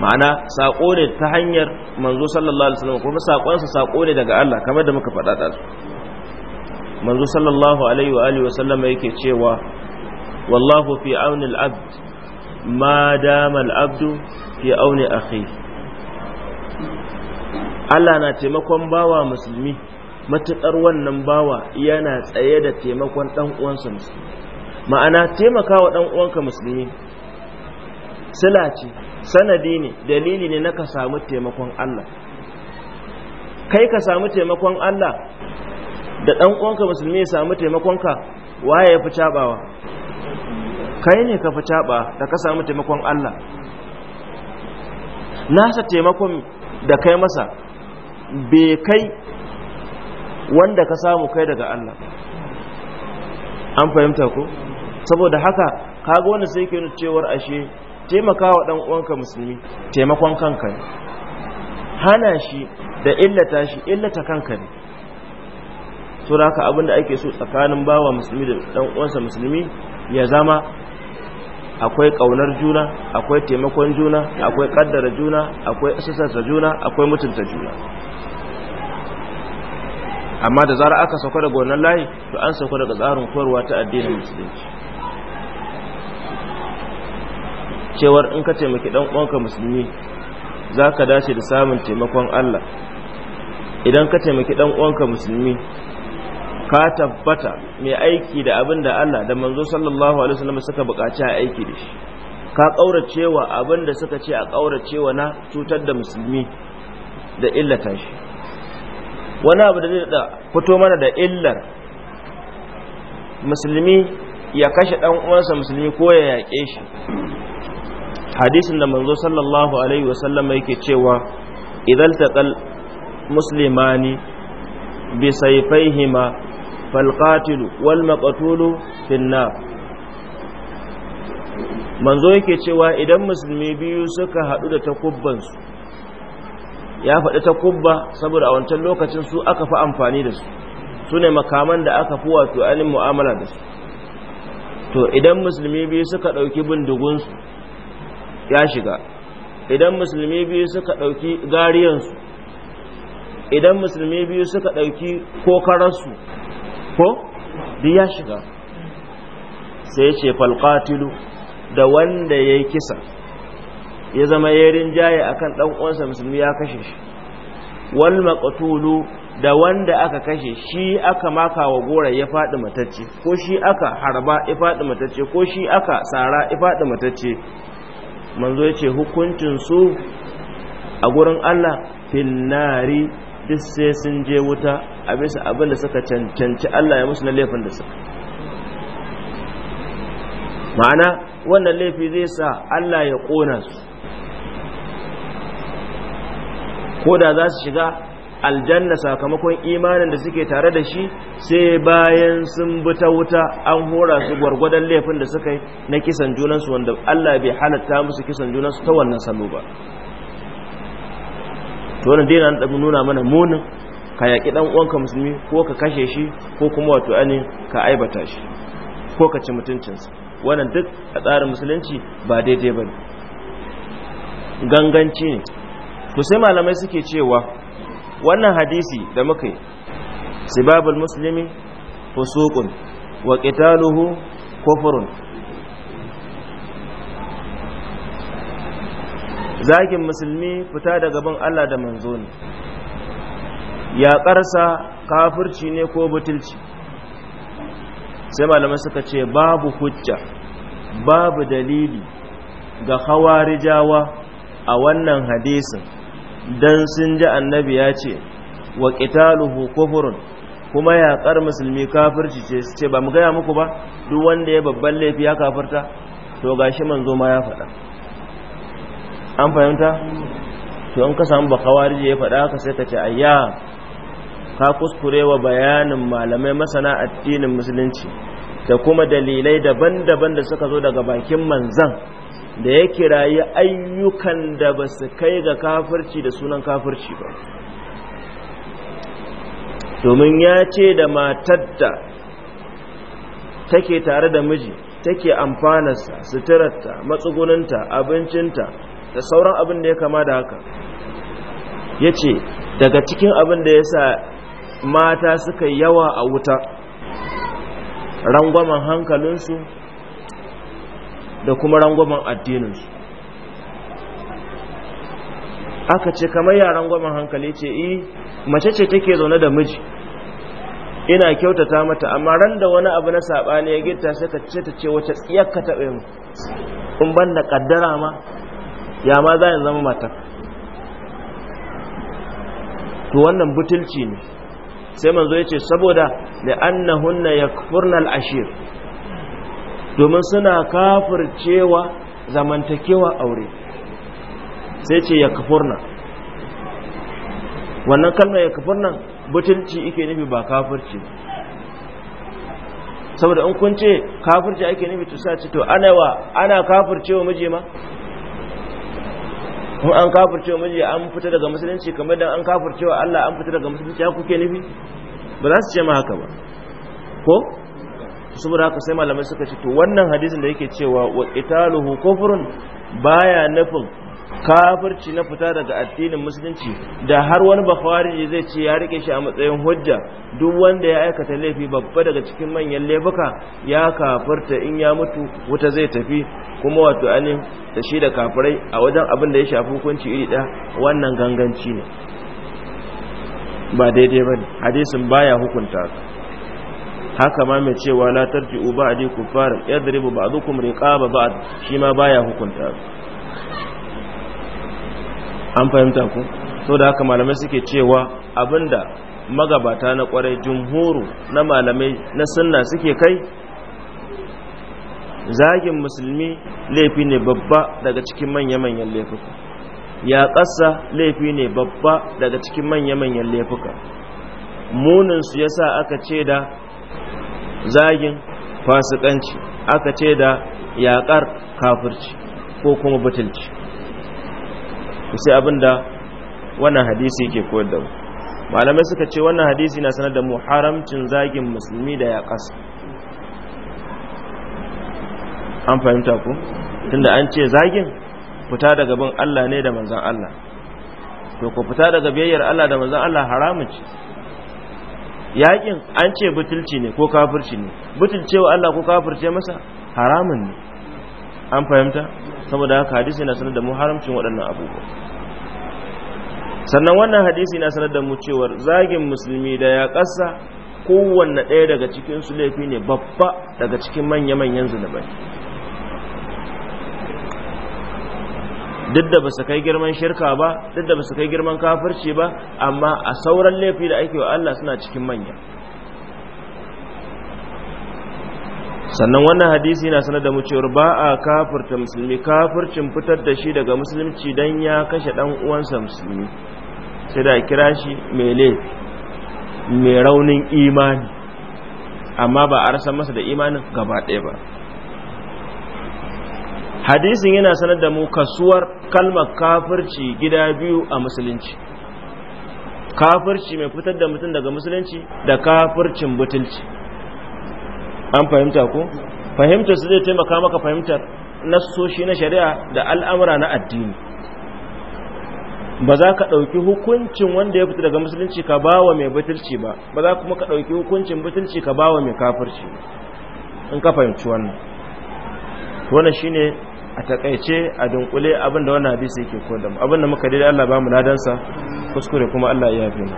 ma'ana saƙo ne ta hanyar manzo sallallahu alaihi wa sallam kuma saƙonsa saƙo ne daga Allah kamar da muka faɗa ɗazu manzo sallallahu alaihi wa alihi wa sallam yake cewa wallahu fi auni al-abd ma dama al-abdu fi auni akhihi Allah na taimakon bawa musulmi matuƙar wannan bawa yana tsaye da taimakon ɗan uwansa musulmi ma'ana taimakawa ɗan uwanka musulmi sila ce sanadi ne dalili ne na ka samu taimakon Allah kai ka samu taimakon Allah da ɗan uwanka musulmi ya samu taimakonka waye ya fi cabawa kai ne ka fi caba da ka samu taimakon Allah nasa taimakon da kai masa bai kai wanda ka samu kai daga Allah an fahimta ko saboda haka kaga wanda sai ke cewar ashe taimakawa dan uwanka musulmi taimakon kanka ne hana shi da illata shi illata kanka ne to haka abinda ake so tsakanin bawa musulmi da dan uwansa musulmi ya zama akwai ƙaunar juna akwai taimakon juna akwai ƙaddara juna akwai assasa juna akwai mutunta juna amma da zara aka sauka daga wannan layi to an sauka daga tsarin koyarwa ta addinin musulunci cewar in ka taimaki dan uwanka musulmi za dace da samun taimakon Allah idan ka taimaki dan uwanka musulmi ka tabbata mai aiki da abin da Allah da manzo sallallahu alaihi wasallam suka buƙaci a aiki da shi ka kauracewa abin da suka ce a kauracewa na cutar da musulmi da illata shi wani abu da zai da fito mana da illar musulmi ya kashe dan uwansa musulmi ko ya yaƙe shi hadisin da manzo sallallahu alaihi wasallam yake cewa idan taqal muslimani bi sayfaihima fal qatil wal maqtul finna manzo yake cewa idan musulmi biyu suka haɗu da takubbansu ya faɗi ta kubba saboda a wancan lokacin su aka fi amfani da su su ne makaman da aka fi wato ainihin mu'amala da su to idan musulmi biyu suka ɗauki bindigunsu ya shiga idan musulmi biyu suka ɗauki gariyansu idan musulmi biyu suka ɗauki kokararsu ko duk ya shiga sai ce falƙatilu da wanda ya yi kisa ya zama ya rinjaye akan dan uwansa musulmi ya kashe shi wal maqtulu da wanda aka kashe shi aka maka wa gora ya faɗi matacce ko shi aka harba ya faɗi matacce ko shi aka sara ya faɗi matacce manzo yace hukuncin su a gurin Allah finnari duk sai sun je wuta a bisa abin da suka cancanci Allah ya musu na laifin da suka ma'ana wannan laifi zai sa Allah ya ƙona su ko da za su shiga aljanna sakamakon imanin da suke tare da shi sai bayan sun bi ta wuta an hora su gwargwadon laifin da suka yi na kisan junansu wanda Allah bai halatta musu kisan junansu ta wannan salo ba to wannan dai na nuna mana munin ka dan ɗan uwanka musulmi ko ka kashe shi ko kuma wato ani ka aibata shi ko ka ci mutuncin sa. wannan duk a tsarin musulunci ba daidai ba ganganci ne to sai malamai suke cewa wannan hadisi da muka yi sibabul muslimi fusuqun wa qitaluhu kufrun Zakin musulmi fita daga bin Allah da manzo ne yaƙarsa kafirci ne ko butulci sai malamai suka ce babu hujja babu dalili ga hawarijawa a wannan hadisin dan sun ji annabi ya ce wa qitaluhu kufrun kuma yaƙar musulmi kafirci ce su ce ba mu gaya muku ba duk wanda ya babban laifi ya kafirta to gashi manzo ma ya faɗa an fahimta to in ka samu ba kawarije ya faɗa ka sai ka ce ayya ka kuskure wa bayanin malamai masana addinin musulunci da kuma dalilai daban-daban da suka zo daga bakin manzan da ya kirayi ayyukan da ba su kai ga kafirci da sunan kafirci ba domin ya ce da matar da take tare da miji take amfanarsa suturarta matsuguninta abincinta da sauran abin da ya kama da haka ya ce daga cikin abin da ya sa mata suka yawa a wuta rangwamen hankalinsu da kuma rangwamen addininsu aka ce kamar yaran gwaman hankali ce yi eh, mace ce take zaune da miji ina kyautata mata amma ran da wani abu na sabani ya gita sai ta ce ta ce wace tsiyar ka taɓa in ban da kaddara ma ya ma za zama mata to wannan butulci ne sai manzo ya ce saboda da annahunna yakfurnal ashir domin suna cewa zamantakewa aure sai ce ya kafurna wannan kalmar ya kafurna butulci ike nufi ba kafirci saboda in kun ce kafirci ake nufi to ce to ana wa ana kafircewa miji ma in an kafircewa miji an fita daga musulunci kamar da an kafircewa Allah an fita daga musulunci ya kuke nufi ba za su ce ma haka ba ko saboda haka sai malamai suka ce to wannan hadisin da yake cewa wa qitaluhu kufrun baya nufin kafirci na fita daga addinin musulunci da har wani ne zai ce ya rike shi a matsayin hujja duk wanda ya aikata laifi babba daga cikin manyan laifuka ya kafirta in ya mutu wuta zai tafi kuma wato ani da shi da kafirai a wajen abin da ya shafi hukunci iri ɗaya wannan ganganci ne ba daidai ba ne hadisin baya hukunta ka haka ma mai cewa la tarji'u ba'di a yadribu ba'dukum riqaba ba'd shi ma baya hukunta an fahimta ku so da haka malamai suke cewa abinda magabata na kwarai jumhuru na malamai na sunna suke kai zagin musulmi laifi ne babba daga cikin manya-manyan laifuka ya ƙasa laifi ne babba daga cikin manya-manyan laifuka munin su yasa aka ce da zagin fasikanci aka ce da yaƙar kafirci ko kuma butulci sai abinda wannan hadisi ke koyar da mu malamai suka ce wannan hadisi na sanar da mu haramcin zagin musulmi da yaƙasa an fahimta ku tunda an ce zagin fita daga bin Allah ne da manzan Allah to ku fita daga biyayyar Allah da manzan Allah haramun ce yakin an ce butulci ne ko kafirci ne wa Allah ko kafirce masa haramun ne an fahimta saboda haka hadisi na sanar da mu haramcin waɗannan abubuwa sannan wannan hadisi na sanar da mu cewar zagin musulmi da ya ƙasa kowanne ɗaya daga cikin su laifi ne babba daga cikin manya-manyan zunubai duk da basu kai girman shirka ba duk da basu kai girman kafirci ba amma a sauran laifi da ake wa Allah suna cikin manya sannan wannan hadisi na sanar da mu cewa ba a kafirta musulmi kafircin fitar da shi daga musulunci dan ya kashe dan uwansa musulmi sai da kira shi mai laifi mai raunin imani amma ba a rasa masa da imanin gaba ɗaya ba hadisin yana sanar da mu kasuwar kalmar kafirci gida biyu a musulunci kafirci mai fitar da mutum daga musulunci da kafircin butulci an fahimta ku? fahimtar su zai taimaka maka fahimtar nassoshi na shari'a da al'amura na addini ba za ka ɗauki hukuncin wanda ya fita daga musulunci ka ba wa mai butulci ba ba za kuma ka ɗauki hukuncin butulci ka ba wa mai kafirci in ka fahimci wannan wannan shine a takaice a dunkule abinda wannan hadisi yake koda mu abinda muka daidai Allah ba mu ladansa kuskure kuma Allah ya yafe mu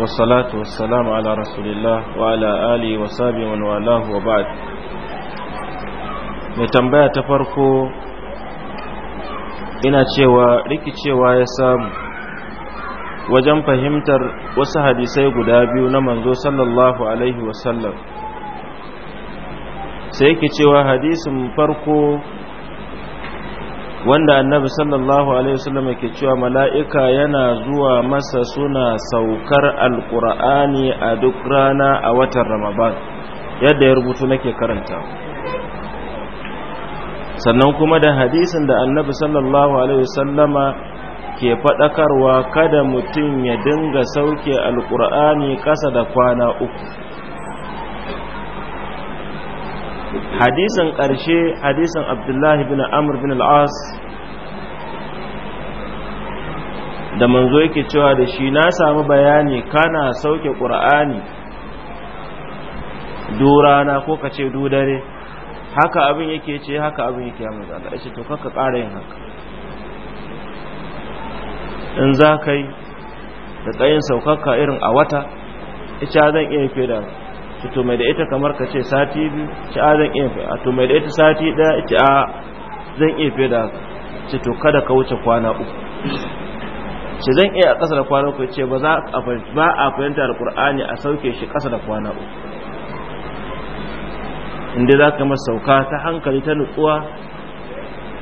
wassalatu wassalamu ala rasulillah wa ala alihi wa sahbihi wa walahu wa ba'd mai tambaya ta farko ina cewa rikicewa ya samu wajen fahimtar wasu hadisai guda biyu na manzo sallallahu alaihi wasallam sai yake cewa hadisin farko wanda annabi sallallahu alaihi wasallam yake cewa mala'ika yana zuwa masa suna saukar alqur'ani a duk rana a watan ramadan yadda ya rubutu nake karanta sannan kuma da hadisin da annabi sallallahu alaihi wasallama ke faɗakarwa kada mutum ya dinga sauke alqur'ani ƙasa da kwana uku hadisin ƙarshe hadisin abdullahi bin Amur bin al'as da manzo yake cewa da shi na sami bayani kana sauke ƙur'ani durana ko ka ce dudare haka abin yake ce haka abin yake amma da to kaka ƙara yin haka in za yi da tsayin saukaka irin a wata ita zan iya fi da ci to mai da ita kamar ka ce sati biyu ci a zan iya fiye a to mai da ita sati daya ci a zan iya fiye da ci to kada ka wuce kwana uku ce zan iya a ƙasa da kwana uku ce ba za a fahimta da ƙur'ani a sauke shi ƙasa da kwana uku inda za ka masauka ta hankali ta nutsuwa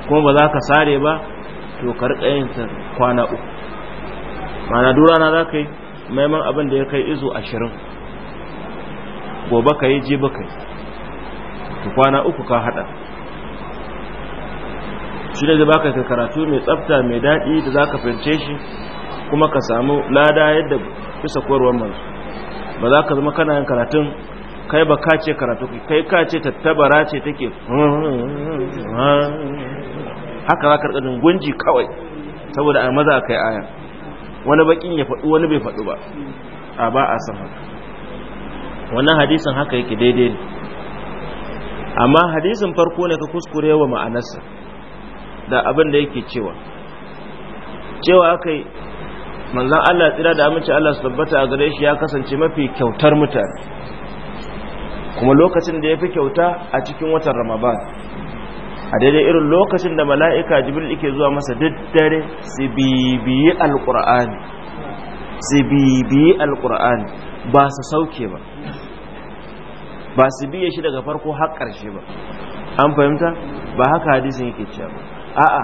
kuma ba za ka sare ba to karɓa yin ta kwana uku mana durana za ka yi maiman abin da ya kai izo ashirin gobe ka yi jibi ka yi kwana uku ka hada shi da zaba ka karatu mai tsafta mai daɗi da za ka fahimce shi kuma ka samu lada yadda bisa koyarwar manzo ba za ka zama kana yin karatun kai ba ka ce karatu kai ka ce tattabara ce take haka za ka rikadin gunji kawai saboda a maza kai aya wani bakin ya faɗi wani bai faɗi ba a ba a san wannan hadisin haka yake daidai ne amma hadisin farko ne ka kuskure wa ma'anarsa da abin da yake cewa cewa aka yi manzan Allah tsira da amince Allah su tabbata a gare shi ya kasance mafi kyautar mutane kuma lokacin da ya fi kyauta a cikin watan ramadan a daidai irin lokacin da mala'ika jibril ike zuwa masa daddare su bibiyi alƙur'ani su bibiyi alƙur'ani ba su sauke ba ba su biye shi daga farko har ƙarshe ba an fahimta ba haka hadisin yake cewa ba a'a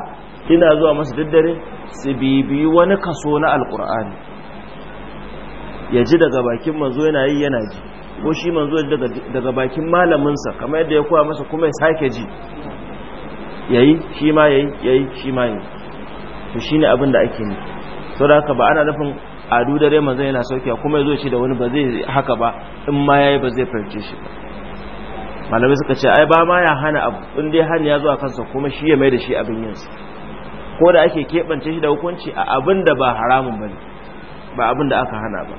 ina zuwa masa daddare su bibiyi wani kaso na alkur'ani ya ji daga bakin manzo yana yi yana ji ko shi manzo daga bakin malaminsa kamar yadda ya koya masa kuma ya sake ji Ya yi shi ma ya yi shi ma yayi to ne abin da ake sau saboda haka ba ana nufin a dudare manzan yana sauki kuma zo shi da wani ba zai haka ba in ma yi ba zai farce shi ba malamai suka ce ai ba ma ya hana abu in dai hannu ya zuwa kansa kuma shi ya mai da shi abin su ko da ake keɓance shi da hukunci a abin da ba haramun ba ne ba abin da aka hana ba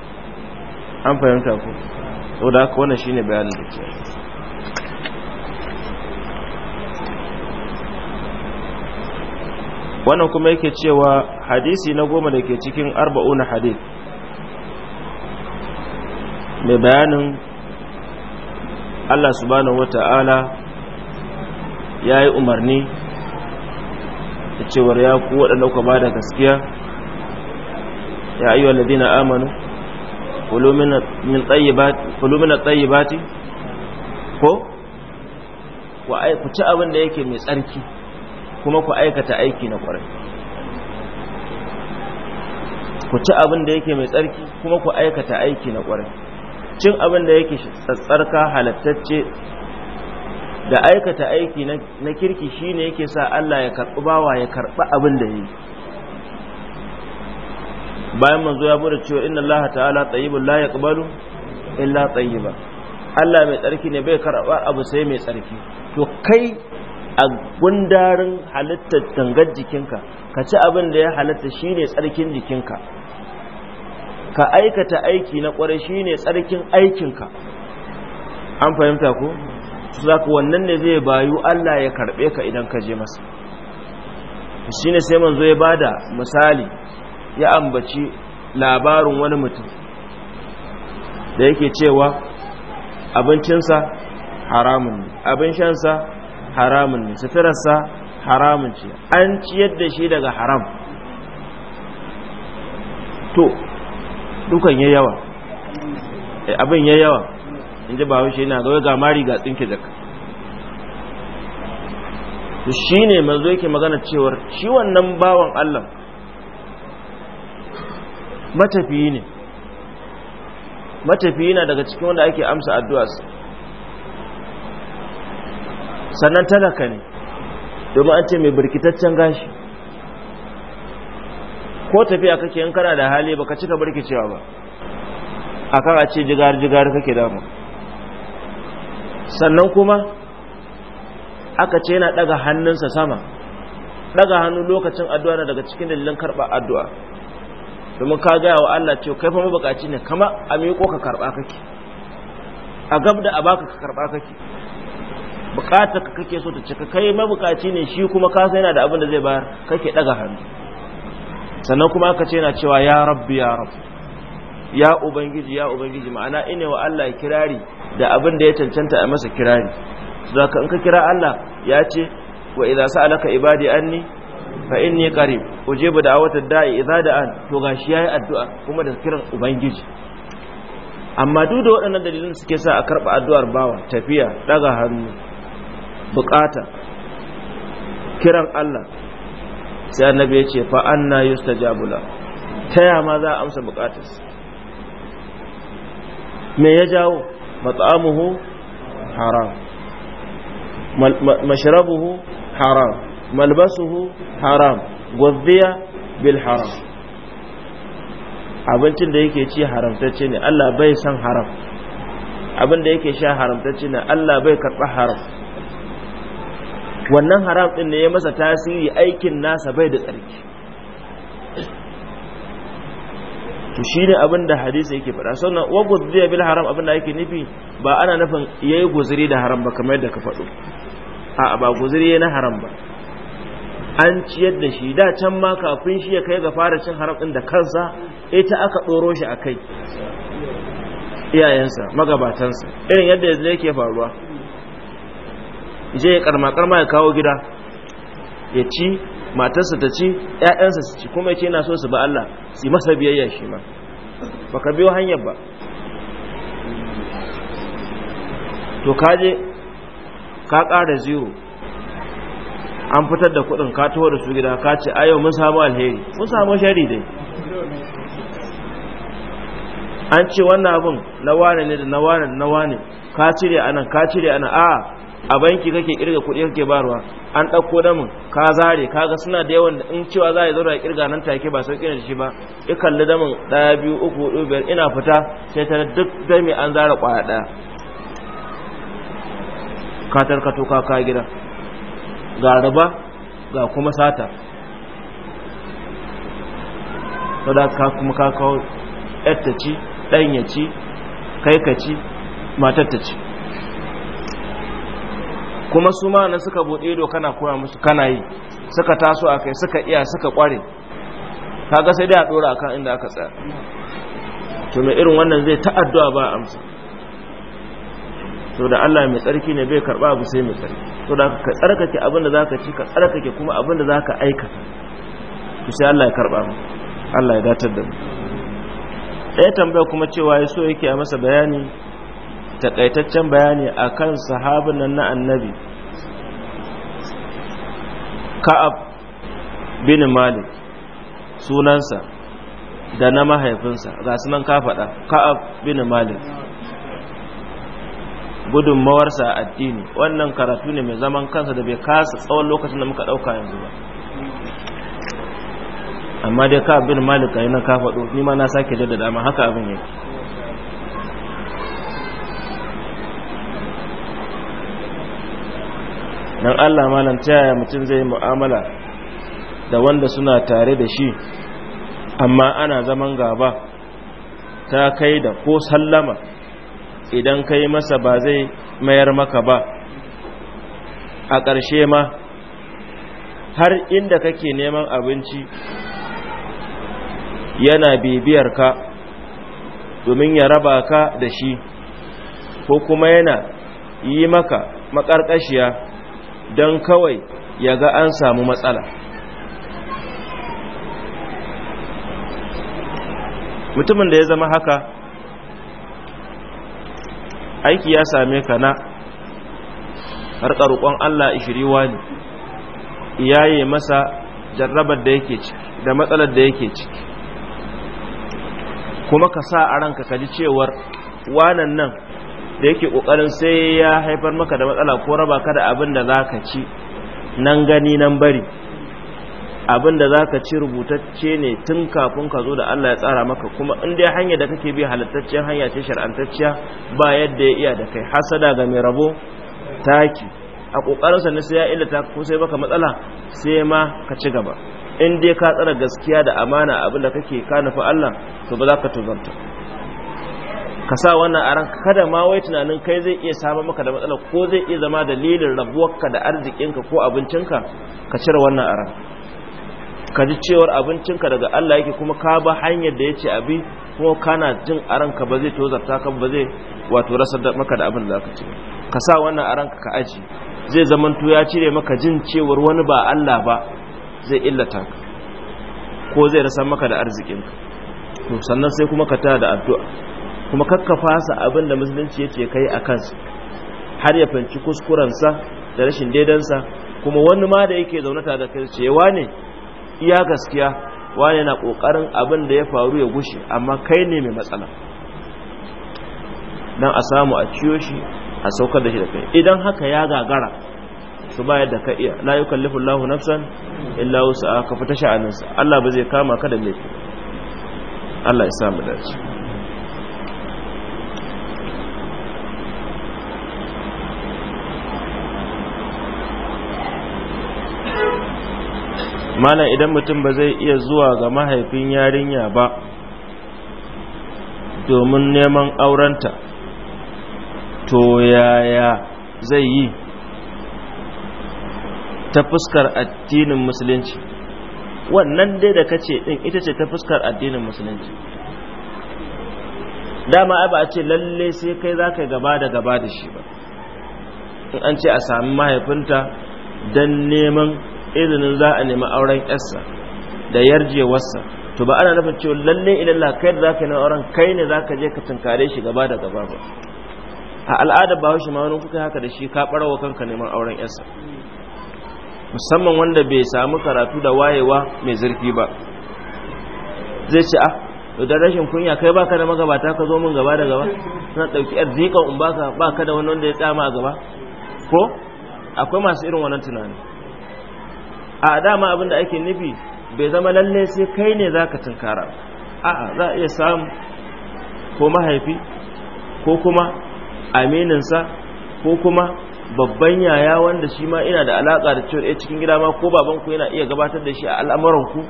an fahimta ko to da haka wannan shine bayanin da ke wannan kuma yake cewa hadisi na goma da ke cikin arba'una hadis, mai bayanin Allah subhanahu wata'ala ya yi umarni da cewar ya ku waɗanda ku ba da gaskiya ya ayyuwa ladina amanu kulumina bati ko ku ci abin da yake mai tsarki kuma ku aikata aiki na kwarai ku ci abin da yake mai tsarki kuma ku aikata aiki na kwarai cin abin da yake tsarka halattacce da aikata aiki na kirki shine yake sa Allah ya karɓi bawa ya karɓi abin da yi. bayan manzo ya bude cewa inna Allah ta'ala tayyibun la yaqbalu illa tayyiba Allah mai tsarki ne bai karɓa abu sai mai tsarki to kai a gundarin halittar gangar jikinka ka ci abin da ya halitta shi ne tsarkin jikinka ka aikata aiki na kwarai ne tsarkin aikinka an fahimta ku. za ku wannan ne zai bayu Allah ya karɓe ka idan ka je masa shi ne sai manzo ya bada misali ya ambaci labarin wani mutum da yake cewa abincinsa haramun abin shansa haramun ne suturarsa haramun ce an ciyar da shi daga haram to dukan ya yawa eh, abin ya yawa in ji bawon shi yana ga mari ga tsinke jaka to shi ne mazo yake magana cewar shi wannan bawon allah matafiyi ne matafiyi na daga cikin wanda ake amsa addu'arsa sannan talaka ne domin an ce mai birkitaccen gashi ko tafiya kake yin kana da hali baka cika birkicewa ba akan a ce jigar-jigar kake damu sannan kuma aka ce yana daga hannunsa sama daga hannu lokacin addu'a na daga cikin dalilin karɓar addu'a domin ka gaya wa Allah ce kai fa mabukaci ne kama a miƙo ka karɓa kake a gab da a baka ka karɓa kake bukatar ka kake so ta cika kai mabukaci ne shi kuma kasa yana da abin da zai bayar kake daga hannu sannan kuma aka ce yana cewa ya rabbi ya rabbi ya ubangiji ya ubangiji ma'ana ine wa Allah kirari da abin da ya cancanta a masa kirari su in ka kira Allah ya ce wa idza sa'alaka ibadi anni fa inni qarib ujibu da'watad da'i idza da'an to gashi yayi addu'a kuma da kiran ubangiji amma duk da waɗannan dalilin suke sa a karɓa addu'ar bawa tafiya daga hannu bukata kiran Allah sai annabi ya ce fa anna yustajabu la ta ya ma za a amsa bukatarsa me ya jawo mat'amuhu haram mashrabuhu haram malbasuhu haram gwaddiya bil haram abincin da yake ci haramtacce ne Allah bai san haram abin da yake sha haramtacce ne Allah bai karɓa haram wannan haram ɗin ne ya masa tasiri aikin nasa bai da tsarki to shi ne abin da hadisa yake faɗa sannan wa ya bil haram abin da yake nufi ba ana nufin ya yi guzuri da haram ba kamar yadda ka faɗo a ba guzuri na haram ba an ciyar da shi da can ma kafin shi ya kai ga fara cin haram ɗin da kansa ita aka ɗoro shi a kai iyayensa magabatansa irin yadda yanzu yake faruwa je ya karma karma ya kawo gida ya ci matarsa ta ci ya'yansa su ci kuma ce yana so su ba Allah su masa biyayya shi ma baka biyo hanyar ba to kaje ka ƙara zero an fitar da kuɗin ka taho da su gida ka ce a yau mun samu alheri mun samu shari dai an ce wannan abin na wane ne da na wane da na wane ka cire anan ka cire anan a a banki kake kirga kuɗi kake barwa an ɗauko mun ka zare kaga suna da yawan in cewa za a kirga nan take ba sauƙi ne shi ba ya kalli da mun ɗaya biyu uku hudu biyar ina fita sai ta duk dami an zara ƙwaya ɗaya ka tarkato ka ka gida ga raba ga kuma sata saboda ka kuma ka kawo ɗan ya ci kai ka ci matar ta ci kuma su ma nan suka buɗe ido kana koya musu kana yi suka taso a kai suka iya suka ƙware kaga sai dai a ɗora akan inda aka tsaya to mai irin wannan zai ta addu'a ba amsa to da Allah mai tsarki ne bai karɓa abu sai mai tsarki to da ka tsarkake abin da zaka ci ka tsarkake kuma abin da zaka aika to sai Allah ya karɓa mu Allah ya datar da mu ɗaya tambaya kuma cewa ya so yake a masa bayani takaitaccen bayani akan sahabin nan na annabi ka'ab bin malik sunansa da na mahaifinsa ga sunan ka faɗa ka'ab bin malik gudunmawarsa a addini wannan karatu ne mai zaman kansa da bai kasa tsawon lokacin da muka ɗauka yanzu ba amma dai ka bin malik yana yi na kafaɗo ni ma na sake jaddada amma haka abin yake dan Allah malam ta yaya mutum zai mu'amala da wanda suna tare da shi amma ana zaman gaba ta kai da ko sallama idan kai masa ba zai mayar maka ba a ƙarshe ma har inda kake neman abinci yana bibiyar ka domin ya raba ka da shi ko kuma yana yi maka makarƙashiya don kawai ya ga an samu matsala mutumin da ya zama haka aiki ya same ka na harkar rukon Allah ishiriwa ne iyaye masa jarrabar da yake ciki da matsalar da yake ciki kuma ka sa a ranka ka ji cewar wanan nan da yake kokarin sai ya haifar maka da matsala ko raba ka da abin da zaka ci nan gani nan bari abin da zaka ci rubutacce ne tun kafin ka zo da Allah ya tsara maka kuma in dai hanya da kake bi halattacciyar hanya ce shar'antacciya ba yadda ya iya da kai hasada ga mai rabo taki a sa ne sai ya ta ko sai baka matsala sai ma ka ci gaba in dai ka tsara gaskiya da amana abin da kake ka nufi Allah to ba za ka tuzanta ka sa wannan a ranka kada ma wai tunanin kai zai iya samun maka da matsala ko zai iya zama dalilin rabuwarka da arzikinka ko abincinka ka cire wannan a ka ji cewar abincinka daga Allah yake kuma ka ba hanyar da ya ce abi kuma kana jin a ranka ba zai tozarta kan ba zai wato rasar da maka da abin da zaka ci ka sa wannan a ranka ka aji zai to ya cire maka jin cewar wani ba Allah ba zai illata ka ko zai rasa maka da arzikinka to sannan sai kuma ka tada da addu'a kuma fasa abin da musulunci yace kai a kansa har ya fanci kuskurensa da rashin daidansa kuma wani ma da yake zaune ta da kai ce wane iya gaskiya wane na kokarin abin da ya faru ya gushe amma kai ne mai matsala dan a samu a ciyo shi a saukar da shi da kai idan haka ya gagara su bayar da ka iya la yukallifu Allahu nafsan illa wusa ka fita sha'aninsa Allah ba zai kama ka da laifi Allah ya samu dace malam idan mutum ba zai iya zuwa ga mahaifin yarinya ba domin neman aurenta to yaya zai yi ta fuskar addinin musulunci wannan dai da kace din ita ce ta fuskar addinin musulunci dama ai ba a ce lalle sai kai za ka gaba da gaba da shi ba in an ce a sami mahaifinta don neman izinin za a nemi auren ƙasa da yarjewarsa to ba ana nufin cewa lalle ilalla kai da zaka yi auren kai ne zaka je ka tunkare shi gaba da gaba ba a al'ada ba shi ma wani kuka haka da shi ka barawa kanka neman auren ƙasa musamman wanda bai samu karatu da wayewa mai zurfi ba zai ce ah da rashin kunya kai baka da magabata ka zo min gaba da gaba na dauki arzikin in baka baka da wani wanda ya tsama a gaba ko akwai masu irin wannan tunani a dama abin da ake nufi bai zama lalle sai kai ne za ka tunkara a'a za a iya samu ko mahaifi ko kuma amininsa ko kuma babban yaya wanda shi ma ina da alaƙa da cewa eh cikin gida ma ko babanku yana iya gabatar da shi a al'amuranku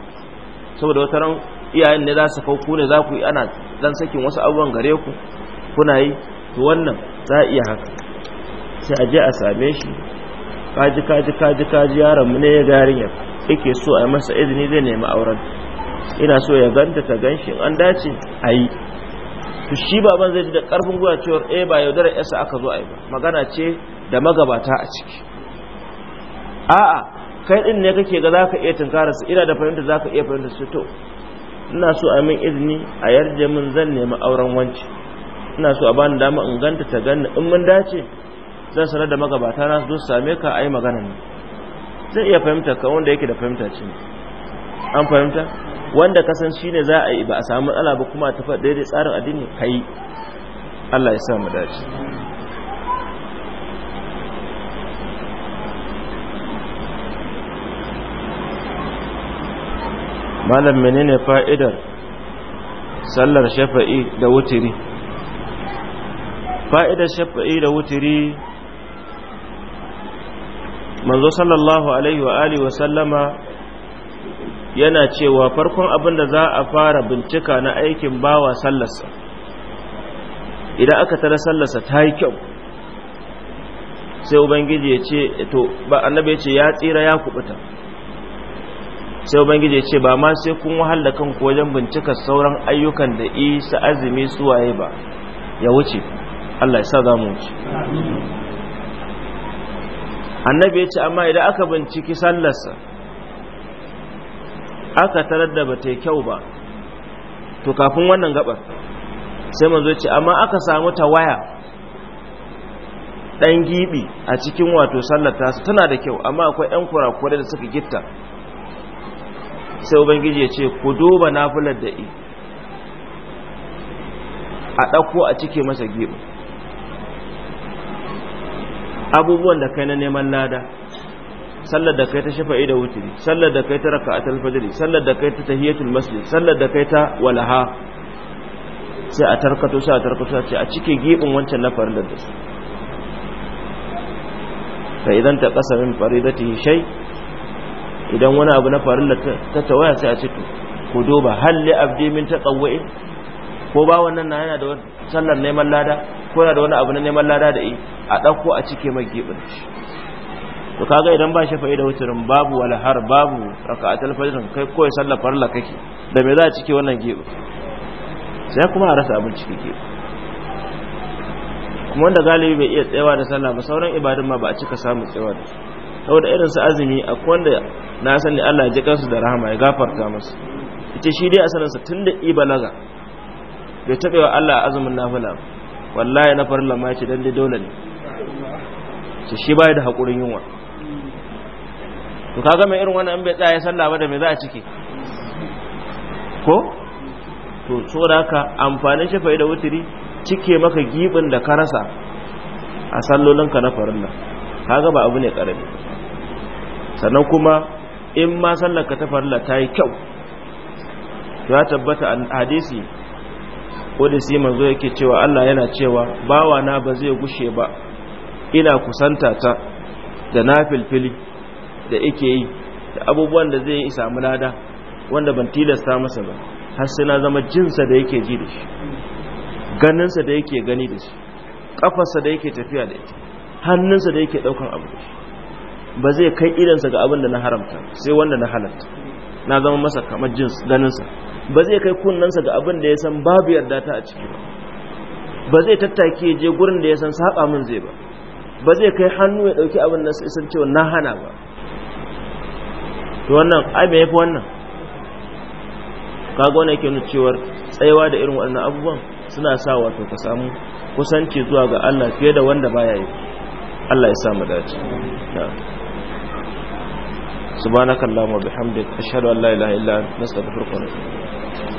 saboda wata ran iyayen ne za su kau ne za ku yi ana dan sakin wasu abubuwan gare ku kuna yi wannan za a iya haka sai a je a same shi kaji kaji kaji kaji yaron mu ne ya yake so a masa izini zai nemi auren ina so ya ganta ta ganshi an dace ayi to shi baban zai ji da karfin gwiwa cewa eh ba yaudara yasa aka zo ayi ba magana ce da magabata a ciki a'a kai din ne kake ga zaka iya tunkara su ina da fahimta zaka iya fahimta su to ina so a min izini a yarje min zan nemi auren wanci ina so a bani dama in ganta ta ganni in mun dace zan sanar da magabata na su same ka a yi magana ne zai iya fahimta ka wanda yake da fahimta ce an fahimta wanda kasan shi ne za a yi ba a samu matsala ba kuma a faɗa daidai tsarin addini kai Allah ya sa mu dace malam menene fa'idar sallar shafa'i da wutiri fa'idar shafa'i da wutiri manzo sallallahu alaihi wa alihi wa sallama yana cewa farkon abin da za a fara bincika na aikin bawa sallarsa idan aka tara sallarsa ta yi kyau sai ubangiji ya ce to ba annabi ya ce ya tsira ya kubuta sai ubangiji ya ce ba ma sai kun wahala kanku wajen bincika sauran ayyukan da isa azumi suwaye ba ya wuce Allah ya sa za mu wuce annabi ya ce amma idan aka binciki sallarsa aka tarar da bata kyau ba to kafin wannan gabar sai manzo ce amma aka samu ta waya dan gibi a cikin wato sallar tasu tana da kyau amma akwai yan kurakurai da suka gitta sai ubangiji ya ce ku duba nafilar da a ɗauko a cike masa gibi abubuwan da kai na neman lada sallar da kai ta shafa'i da wuturi sallar da kai ta raka'atul fajr sallar da kai ta tahiyatul masjid sallar da kai ta walaha sai a tarkato sai a tarkato sai a cike gibin wancan na da su fa idan ta kasa min faridatihi shay idan wani abu na farin da ta tawaya sai a ce to ku duba hal li abdi min tatawwi ko ba wannan na yana da sallar neman lada ko yana da wani abu na neman lada da yi a ɗauko a cike mai gibin shi to kaga idan ba shafa'i da wutirin babu wala har babu raka a talfajin kai kawai sallar farla kake da me za a cike wannan gibin sai kuma a rasa abin cike gibin kuma wanda galibi bai iya tsayawa da sallah ba sauran ibadun ma ba a cika samun tsayawa da su da irin su azumi akwai wanda na san Allah ya ji kansu da rahama ya gafarta musu ita shi dai a asalinsa tun da ibalaga bai taɓa wa Allah azumin nafila wallahi na farin lamaci don dai dole ne ce shi baya da hakurin yunwa to kaga mai irin wannan in bai tsaya sallah ba da me za a ciki ko to saboda haka amfanin shi da wuturi cike maka gibin da ka rasa a sallolinka na farilla kaga ba abu ne karami sannan kuma in ma sallar ka ta farilla ta yi kyau ya tabbata a hadisi Ko da sai manzo yake cewa Allah yana cewa bawana ba zai gushe ba ina kusanta ta da nafilfili da ake yi da abubuwan da zai yi samu lada wanda ban tilasta masa ba har sai na zama jinsa da yake ji da shi ganinsa da yake gani da shi kafarsa da yake tafiya da ita hannunsa da yake daukan abu da shi ba zai kai idansa ga abin da na haramta sai wanda na halatta na zama masa kamar jins ganinsa ba zai kai kunnensa ga abin da ya san babu yarda ta a ciki ba ba zai tattake je gurin da ya san saba min zai ba ba zai kai hannu ya ɗauki abin da sai cewa na hana ba to wannan ai me yafi wannan kaga ne yake nuna cewa tsayawa da irin wannan abubuwan suna sa wato ka samu kusanci zuwa ga Allah fiye da wanda baya yi Allah ya sa mu dace subhanakallahumma bihamdika ashhadu an la ilaha illa anta astaghfiruka wa atubu